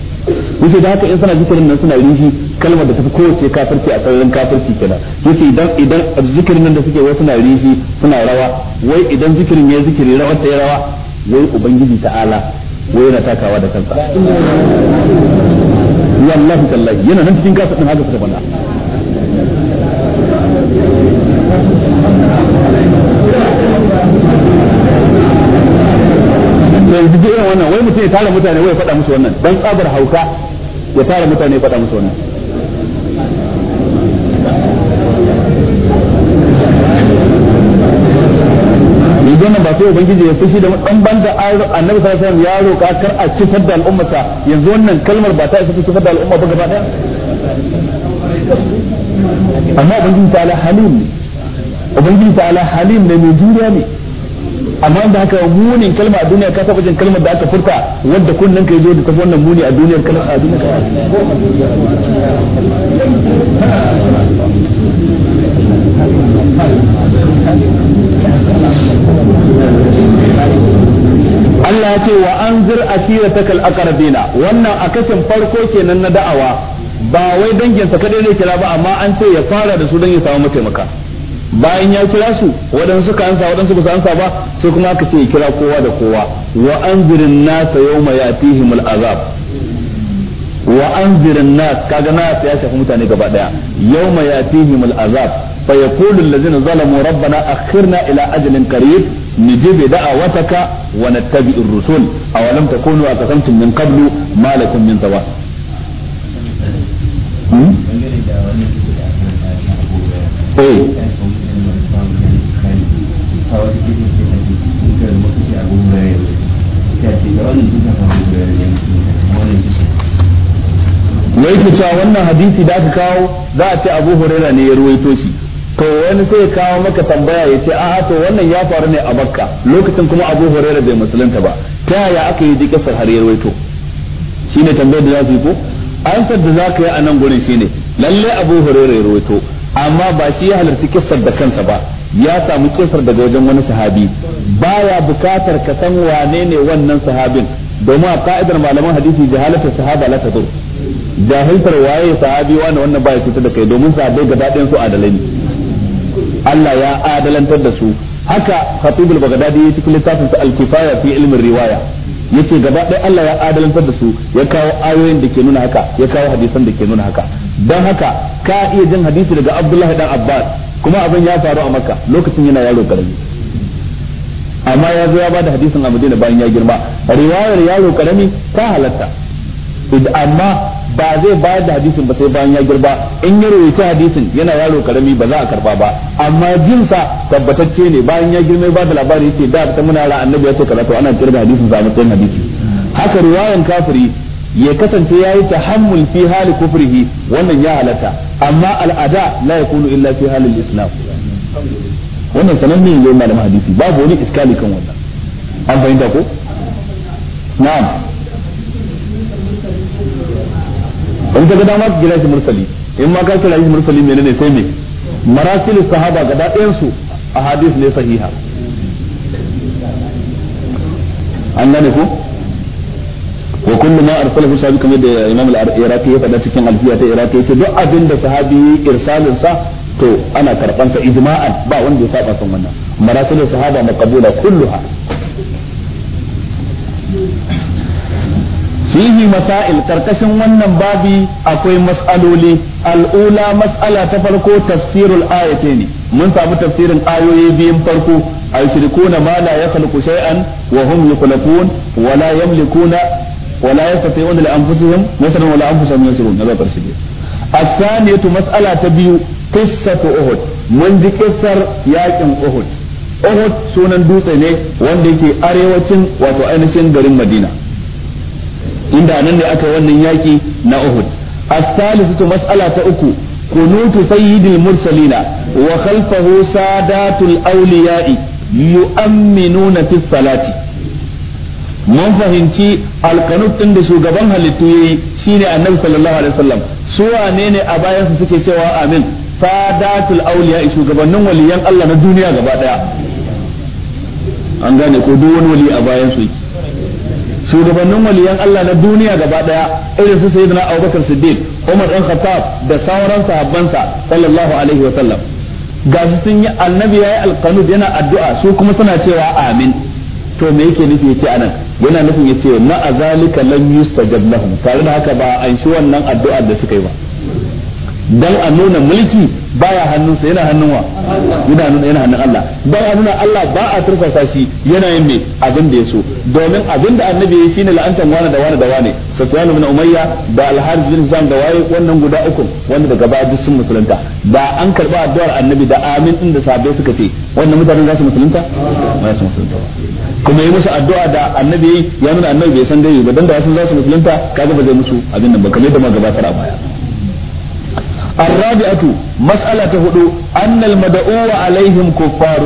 yace da haka in suna zikirin nan suna rinji kalmar da tafi kowace kafirci a sararin kafirci kenan yace idan idan zikirin nan da suke wai suna rinji suna rawa wai idan zikirin ya zikiri rawar ta ya rawa wai ubangiji ta'ala wai yana takawa da kansa wallahi tallahi yana nan cikin kasa din haka suka faɗa yanzu irin wannan wai mutum ya tara mutane wai faɗa musu wannan dan tsabar hauka ya tara mutane faɗa musu wannan yanzu ba sai ubangiji ya fushi da dan banda annabi sallallahu alaihi wasallam ya roƙa kar a cifar da al'ummata yanzu wannan kalmar ba ta isa cifar da al'umma ba gaba daya amma ubangiji ta'ala halim ne ubangiji ta'ala halim ne mai juriya ne amma da haka munin kalma a duniya ka saba jin kalmar da aka furta wadda kunnen ka yi da tafi wannan muni a duniyar kalmar a duniyar Allah ya ce wa anzir asiratakal aqrabina wannan a kashin farko kenan na da'awa ba wai danginsa kadai ne kira ba amma an ce ya fara da su don ya samu mataimaka bayan ya kira su waɗansu ka ansa waɗansu ba su ansa ba sai kuma aka ce kira kowa da kowa wa anzirin nasa yawma yatihimul azab wa anzirin nas kaga nas ya shafi mutane gaba daya yawma yatihimul azab fa yaqulu allazina zalamu rabbana akhirna ila ajalin qarib نجيب دعوتك ونتبع الرسل أولم تكونوا أقسمتم من قبل ما لكم من زوال إيه wai ke cewa wannan hadisi da aka kawo za a ce abu huraira ne ya ruwaito shi to wani sai ya kawo maka tambaya ya ce a'a to wannan ya faru ne a bakka lokacin kuma abu huraira bai musulunta ba ta yaya aka yi dikasar har ya ruwaito shine tambayar da za su yi ko ansar da za ka yi a nan gurin shine lalle abu huraira ya ruwaito amma ba shi ya halarci kissar da kansa ba ya samu kissar daga wajen wani sahabi baya bukatar ka san wane ne wannan sahabin domin a ka'idar malaman hadisi jahalata sahaba la tadur jahiltar waye sahabi wani wannan baya cutar da kai domin sahabbai gaba ɗayan su adalai ne Allah ya adalantar da su haka khatibul bagdadi ya cikin littafin sa al-kifaya fi ilmin riwaya yace gaba ɗaya Allah ya adalantar da su ya kawo ayoyin da ke nuna haka ya kawo hadisan da ke nuna haka dan haka ka iya jin hadisi daga Abdullah dan Abbas kuma abin ya faru a Makka lokacin yana yaro karami amma ya zo ya bada hadisin a Madina bayan ya girma riwayar yaro karami ta halatta amma ba zai bayar da hadisin ba sai bayan ya girba in ya rawaita hadisin yana yaro karami ba za a karba ba amma jinsa tabbatacce ne bayan ya girma ba da labari yace da ta muna ra annabi ya ce kaza to ana kirga hadisin a matsayin hadisi haka riwayan kafiri ya kasance ya yi tahammul fi hali kufrihi wannan ya halatta amma al'ada la yakunu illa fi halil islam wannan sananne ne malamin hadisi babu wani iskali kan wannan an fahimta ko na'am in ka ga dama ka kira shi mursali in ma ka kira shi mursali ne sai me marasil sahaba gaba ɗayan su ne sahiha an gane ko wa kullu ma arsala fi sahabi kamar da imam al-iraqi ya faɗa cikin alfiya ta iraqi yace duk abin da sahabi irsalin sa to ana karban sa ijma'an ba wanda ya saba kan wannan marasil sahaba maqbula kulluha fihi masail karkashin wannan babi akwai mas'aloli al'ula mas'ala ta farko tafsirul ayatayn mun samu tafsirin ayoyi biyun farko ayushrikuna ma la yakhluqu shay'an wa hum yukhlaqun wa la yamlikuna wa la yastati'una li anfusihim nasran wa la anfusahum yansurun na zakar shige as-saniyatu mas'ala ta biyu qissatu uhud mun ji kissar yaƙin uhud uhud sunan dutse ne wanda yake arewacin wato ainihin garin madina inda nan ne aka wannan yaki na Uhud as-salisatu mas'ala ta uku kunutu sayyidil mursalina wa khalfahu sadatul awliya'i yu'minuna fis salati mun fahimci alkanut din da shugaban halittu yayi shine annabi sallallahu alaihi wasallam su wane ne a bayan su suke cewa amin sadatul awliya shugabannin waliyan Allah na duniya gaba daya an gane ko duk wani wali a bayan su yake shugabannin waliyan Allah na duniya gaba daya irin su sayyidina Abubakar Siddiq Umar dan Khattab da sauran sahabbansa sallallahu alaihi wa sallam ga su sun yi annabi yayi alqanud yana addu'a su kuma suna cewa amin to me yake nufi yace anan yana nufin yace ma azalika lam yustajab lahum tare da haka ba an shi wannan addu'a da suka yi ba dan a nuna mulki baya hannunsa yana hannun wa yana hannun yana hannun Allah dan a nuna Allah ba a turfasa shi yana yin me abin da yaso domin abin da annabi yayi shine la'antan wani da wani da wani Sufyan ibn Umayya da Al-Harith bin zan da waye wannan guda uku wanda daga baya duk sun musulunta ba an karba addu'ar annabi da amin din da sahabbai suka ce wannan mutanen za su musulunta ba su musulunta kuma yi musu addu'a da annabi ya nuna annabi bai san dai ba dan da sun za su musulunta kaga ba zai musu abin nan ba kamar yadda ma a baya الرابعة مسألة هدو أن المدعو عليهم كفار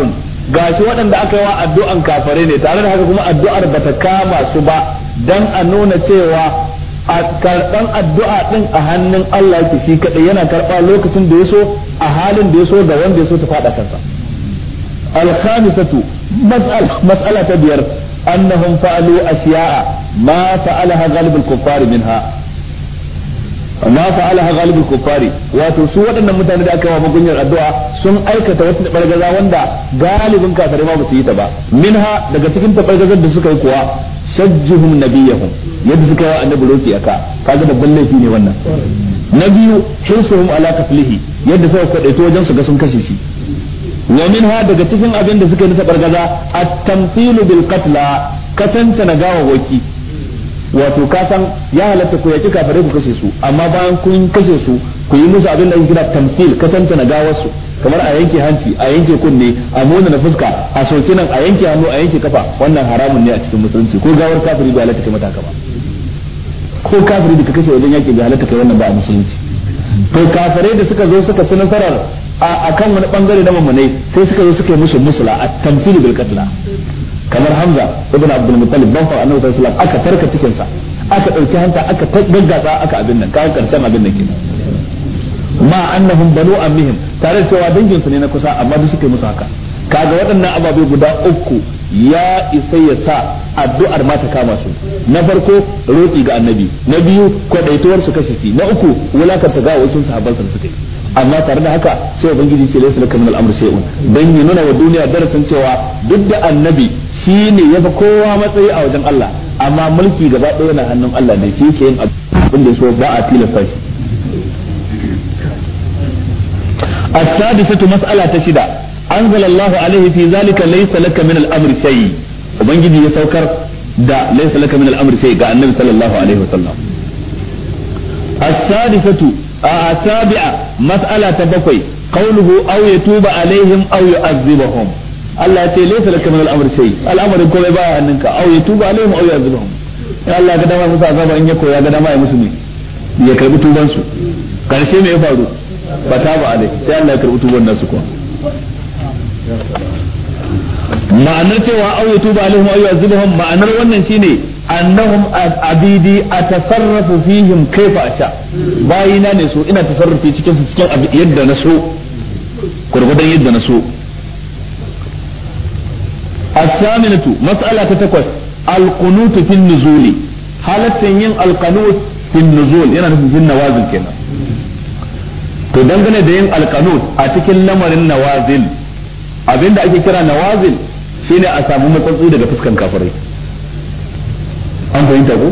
gashi waɗanda aka yi wa addu'an kafare ne tare da haka kuma addu'ar ba ta kama su ba dan a nuna cewa a karɓan addu'a ɗin a hannun Allah yake shi kaɗai yana karɓa lokacin da ya so a halin da ya so da wanda ya so ta faɗa kansa alkhamisatu mas'ala ta biyar annahum fa'alu asya'a ma fa'alaha ghalibul kuffar minha ma fa'alaha ko kuffari wato su waɗannan mutane da aka wa magunyar addu'a sun aikata wata gaza wanda galibin kasar ma ba su yi ta ba minha daga cikin tabargazar da suka yi kuwa shajjuhum nabiyahum yadda suka yi wa annabi roki aka kaga babban laifi ne wannan na biyu hirsuhum ala qatlihi yadda suka kwadaito wajen su ga sun kashe shi wa minha daga cikin abin da suka yi na tabargaza at-tamthilu bil qatla katanta na gawa waki wato ka san ya halatta ku yaki kafare ku kashe su amma bayan kun kashe su ku yi musu abin da ake kira tamfil ka na gawar su kamar a yanke hanci a yanke kunne a mona na fuska a soke nan a yanke hannu a yanke kafa wannan haramun ne a cikin musulunci ko gawar kafiri da halatta kai mata ba ko kafiri da ka kashe wajen yaki da halatta kai wannan ba a musulunci to kafare da suka zo suka ci nasarar a kan wani bangare na mamanai sai suka zo suka yi musu musula a tamfil bil qatla kamar hamza ibn abdul muttalib ban fara annabi sallallahu alaihi aka tarka cikin sa aka dauki hanta aka gaggatsa aka abin nan kawai karshen abin nan kenan ma annahum banu amihim tare da cewa dangin su ne na kusa amma duk suka musu haka kaga waɗannan ababe guda uku ya isa ya sa addu'ar ma ta kama su na farko roki ga annabi na biyu kwadaituwar su kashe na uku ta ga wasu sahabban sa suka yi amma tare da haka sai ubangiji ce laysa lakum min al amri shay'un dan yi nuna wa duniya darasin cewa duk da annabi shine yafi kowa matsayi a wajen Allah amma mulki gaba ɗaya yana hannun Allah ne shi yake yin abin da so ba a tilasta shi shida مسألة تشدة أنزل الله عليه في ذلك ليس لك من الأمر شيء وبنجي يسوكر دا ليس لك من الأمر شيء قال النبي صلى الله عليه وسلم السادسة a mas'ala ta bakwai qawluhu aw yatuba alaihim aw yu'azzibahum Allah ya ce laysa laka min al-amr shay komai ba hannunka aw yatuba alaihim aw yu'azzibahum in Allah ya ga dama musu azaba in ya koya ga dama ya musu ne ya karbi tuban su karshe ya faru ba ta ya karbi tuban nasu ma'anar cewa aw yatubu alaihim aw yu'azibuhum ma'anar wannan shine annahum abidi atasarrafu fihim kaifa asha bayina ne so ina tasarrufi cikin su cikin yadda na so gurgudan yadda na so as-saminatu mas'ala ta takwas al-qunut fi nuzuli halattan yin al-qanut fi nuzul yana nufin fi nawazil kenan to dangane da yin al-qanut a cikin lamarin nawazil abinda ake kira nawazil shine a samu matsatsi daga fuskan kafirai an fahimta ko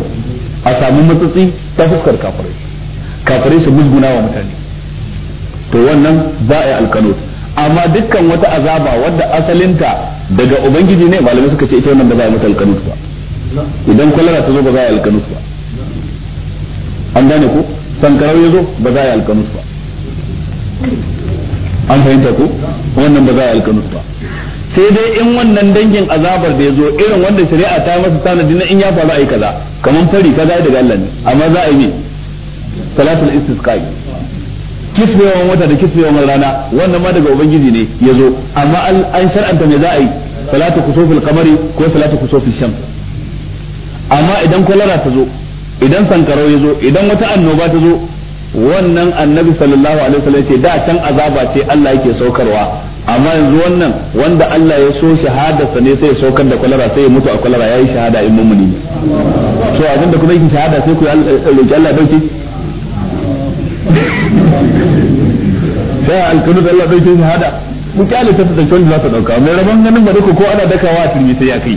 a samu matsatsi ta fuskar kafirai kafirai su musguna wa mutane to wannan za a yi alkanot amma dukkan wata azaba wadda asalinta daga ubangiji ne malamai suka ce ita wannan ba za a yi mata alkanot ba idan kwalara ta zo ba za a yi alkanot ba an gane ko sankarau ya zo ba za a yi alkanot ba an fahimta ko wannan ba za a yi alkanot ba sai dai in wannan dangin azabar da ya zo irin wanda shari'a ta masa sanadi na in ya faru yi kaza kaman fari kaza daga Allah ne amma za a yi salatul istisqa kisbewan wata da kisbewan rana wannan ma daga ubangiji ne ya zo amma an shar'anta me za a yi salatu kusufil qamari ko salatu kusufil sham amma idan kwalara ta zo idan sankarau ya zo idan wata annoba ta zo wannan annabi sallallahu alaihi wasallam ce da can azaba ce Allah yake saukarwa amma yanzu wannan wanda Allah ya so shahadarsa ne sai ya saukar da kwalara sai ya mutu a kwalara yayi shahada in mummuni so abin da kuma yake shahada sai ku eh, roki Allah dauke sai alkanu da Allah dauke shahada mu kyale ta da kyau za ta dauka mai rabon ganin ba duka ko ana dakawa a turmi sai ya kai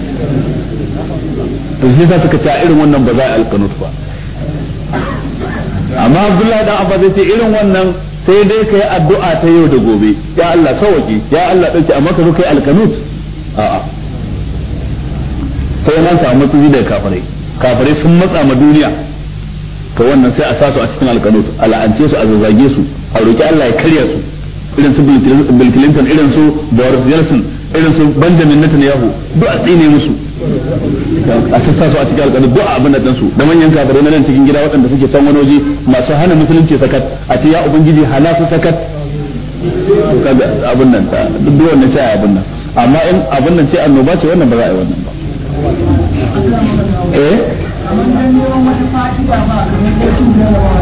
to shi yasa suka ta irin wannan ba za a alkanu ba amma Abdullahi dan Abba zai ce irin wannan sai dai kai addu'a ta yau da gobe ya Allah sauki ya Allah dauke amma ka zo kai alkanut a'a sai an samu matsayi da kafirai kafirai sun matsa ma duniya to wannan sai a sa su a cikin alkanut al'ance su a zazzage su a roki Allah ya karya su irin su Bill Clinton irin su Boris Johnson irin su Benjamin Netanyahu duk a tsine musu a sassa su a cikin alƙalin duk a abin da su da manyan kafirai na nan cikin gida waɗanda suke can wani waje masu hana musulunci sakat a ce ya ubangiji hana su sakat abin nan duk duk wannan sai abin nan amma in abin nan sai annoba ce wannan ba za a yi wannan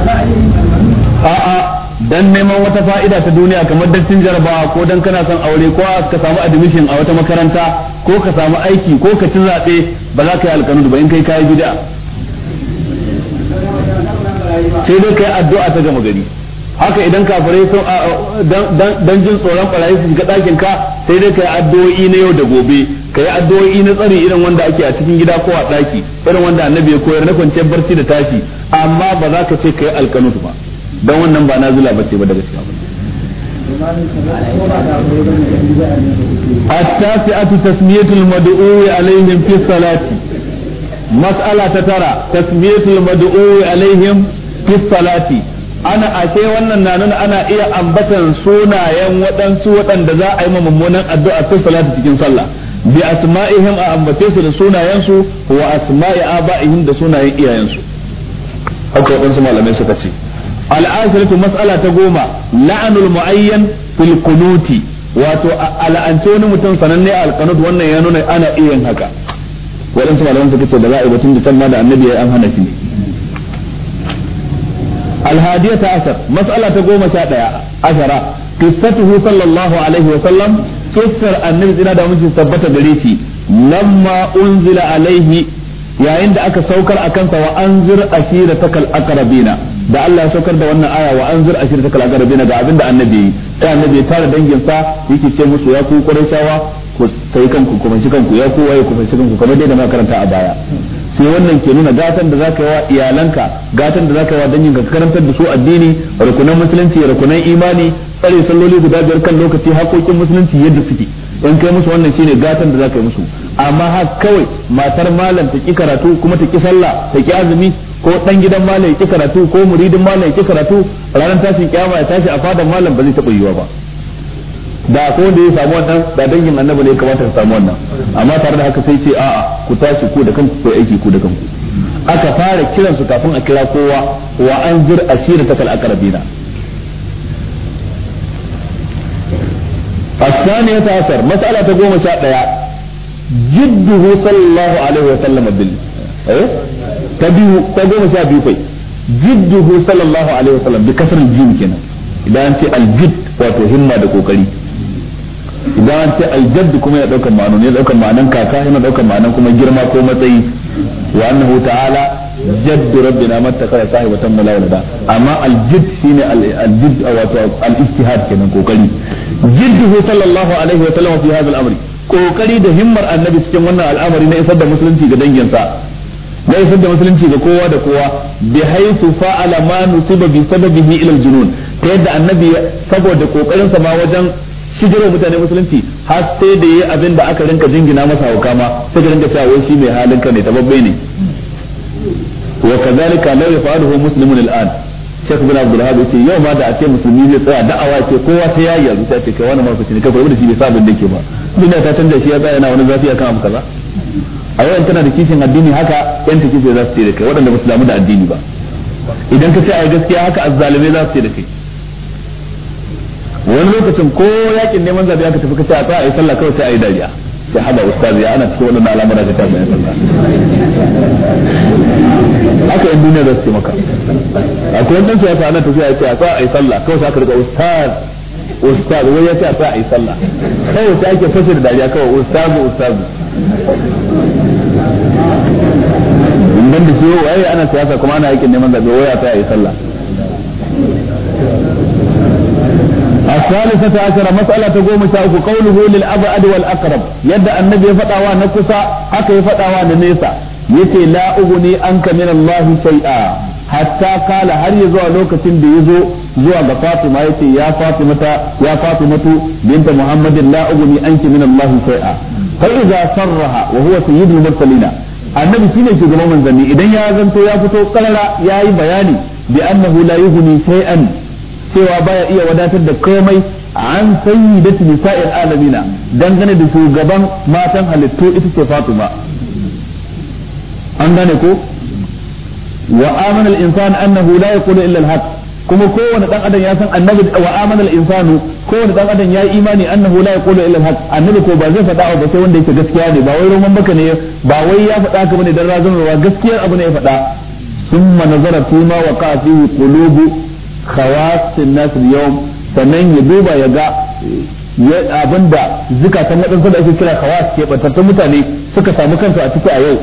ba eh a'a dan neman wata fa'ida ta duniya kamar dattin jarrabawa ko dan kana son aure ko ka samu admission a wata makaranta ko ka samu aiki ko ka ci zaɓe ba za ka yi alkanu ba in kai kayi bid'a sai dai kai addu'a ta gama gari haka idan kafirai sun dan jin tsoron barayi su shiga ɗakin ka sai dai kai addu'o'i na yau da gobe kai addu'o'i na tsari irin wanda ake a cikin gida ko a daki irin wanda annabi ya koyar na kwanciyar barci da tashi amma ba za ka ce kai alkanu ba don wannan ba nazila ba ce ba daga cikin abin التاسعة تسمية المدعو عليهم في الصلاة مسألة ترى تسمية المدعو عليهم في الصلاة ana a wannan na nuna ana iya ambatan sunayen waɗansu waɗanda za a yi ma mummunan addu'a ta salati cikin sallah bi asma'ihim a ambace su da sunayen su wa asma'i aba'ihim da sunayen iyayen su haka waɗansu malamai suka ce al'ashiratu mas'ala ta goma la'anul mu'ayyan fil kunuti wato al'ance wani mutum sananne a alqanut wannan ya nuna ana iya yin haka waɗansu malaman suka ce da za a yi batun da can ma da annabi ya an hana shi ne الهادية عشر مسألة تقوم شاء عشرة قصته صلى الله عليه وسلم فسر النبي إلى دامج ثبت بريتي لما أنزل عليه yayin da aka saukar a kansa wa anzir ashiratakal aqrabina da Allah ya saukar da wannan aya wa anzir ashiratakal aqrabina ga abinda annabi yi sai annabi ya tara dangin sa yake ce musu ya ku qurayshawa ku sai kanku ku kanku ya ku waye ku fanshi kanku kamar dai da muka karanta a baya sai wannan ke nuna gatan da zaka yi wa iyalanka gatan da zaka yi wa danginka ka karantar da su addini rukunan musulunci rukunan imani tsare salloli guda biyar kan lokaci haƙoƙin musulunci yadda suke in kai musu wannan shine gatan da zaka yi musu amma ha kawai matar malam ta ki karatu kuma ta ki sallah ta ki azumi ko dan gidan malam ya ki karatu ko muridin malam ya ki karatu ranar tashin kiyama ya tashi a fadan malam ba zai taɓa yiwa ba da ko da ya samu wannan da dangin annabi ne kamata ka samu wannan amma tare da haka sai ce a'a ku tashi ku da kanku ku aiki ku da kanku aka fara kiran su kafin a kira kowa wa anzir ashiratakal aqrabina الثانية عشر مسألة تقوم شاء jidduhu sallallahu alaihi wa sallam bil eh ta biyu ta goma sha biyu kai jidduhu sallallahu alaihi wa sallam bi kasar jim kenan idan an ce aljid wato himma da kokari idan an ce kuma yana daukar ma'anon yana daukar ma'anan kaka kuma girma ko matsayi wa annahu ta'ala جد ربنا ما اتخذ صاحبة ولا ولدا اما الجد شيء الجد او الاجتهاد كنا كوكلي جده صلى الله عليه وسلم في هذا الامر kokari da himmar annabi cikin wannan al'amari na isar da musulunci ga danginsa na isar da musulunci ga kowa da kowa bi haythu fa'ala ma nusiba bi sababihi ila al-junun ta yadda annabi saboda kokarin sa ma wajen shigarwa mutane musulunci har sai da yayi abin da aka rinka jingina masa hauka ma sai ka rinka cewa shi mai halin ka ne tababbe ne wa kadhalika law yaf'aluhu muslimun al-an Sheikh bin Abdul Hadi ce yau ma da a musulmi zai tsaya da'awa ce kowa ta yayi yanzu sai ce kai wani ma ne kai da shi bai sa abin da ba duniya ta canza shi ya tsaya yana wani zafi akan abu kaza a yau tana da kishin addini haka yan ta kishin za su ce da kai waɗanda ba su damu da addini ba idan ka ce a gaskiya haka azzalume za su ce da kai wani lokacin ko yakin neman zabi aka tafi ka ce a tsaya a yi sallah kawai sai a yi dariya sai haɗa ustazi ya ana cikin waɗanda al'amura ta tafi yi sallah haka yan duniya za su ce maka akwai wani ɗan siyasa ana tafiya ya ce a tsaya a yi sallah kawai sai aka riga ustaz ustaz wai ya ce a sa a yi sallah kawai ta ake fashe da dariya kawai ustazu ustazu dan da ciwo waye ana siyasa kuma ana yakin neman zabe wai a sa a yi sallah الثالثة عشر مسألة تقوم شاءك قوله للأبعد والأقرب يد النبي فتاوى نكسا أكي فتاوى ننيسا يتي لا أغني أنك من الله شيئا hatta kala har ya zuwa lokacin da ya zo zuwa ga Fatima ya ce ya Fatimata ya Fatimatu binta Muhammadin la ugni anki min Allah shay'a fa idza sarraha wa huwa sayyidul annabi shine shugaban manzanni idan ya zanto ya fito ya yayi bayani bi annahu la yughni shay'an cewa baya iya wadatar da komai an sayyidati nisa'il alamina dangane da shugaban matan halittu ita ce Fatima an gane ko wa amana al-insan annahu la ya san annabi wa insanu kowane dan adam ya imani annahu la yaqulu illa al-haq annabi ko ba zai faɗa ba sai wanda yake gaskiya ne ba wai roman baka ne ba wai ya fada ka ba bane dan razanarwa gaskiyar abu ne ya faɗa ثم نظر فيما وقع فيه قلوب خواص الناس اليوم sannan ya duba ya ga abin da zukatan waɗansu da ake kira khawas ke ɓantattun mutane suka samu kansa a ciki a yau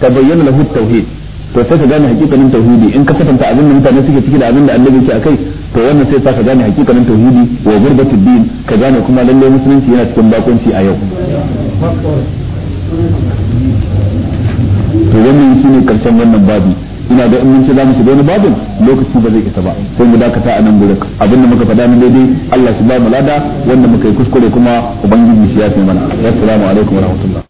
ta bayyana lahu tauhid to sai ka gane hakikanin tauhidi in ka kwatanta abin da mutane suke ciki da abin da annabi yake akai to wannan sai ka gane hakikanin tauhidi wa gurbatul din ka gane kuma lalle musulunci yana cikin bakonci a yau to wannan shine karshen wannan babi ina da in mun ci za mu shiga wani babin lokaci ba zai isa ba sai mu dakata a nan gurin abin da muka faɗa mun daidai Allah shi ba lada wanda muka yi kuskure kuma ubangiji shi ya fi mana assalamu alaikum warahmatullahi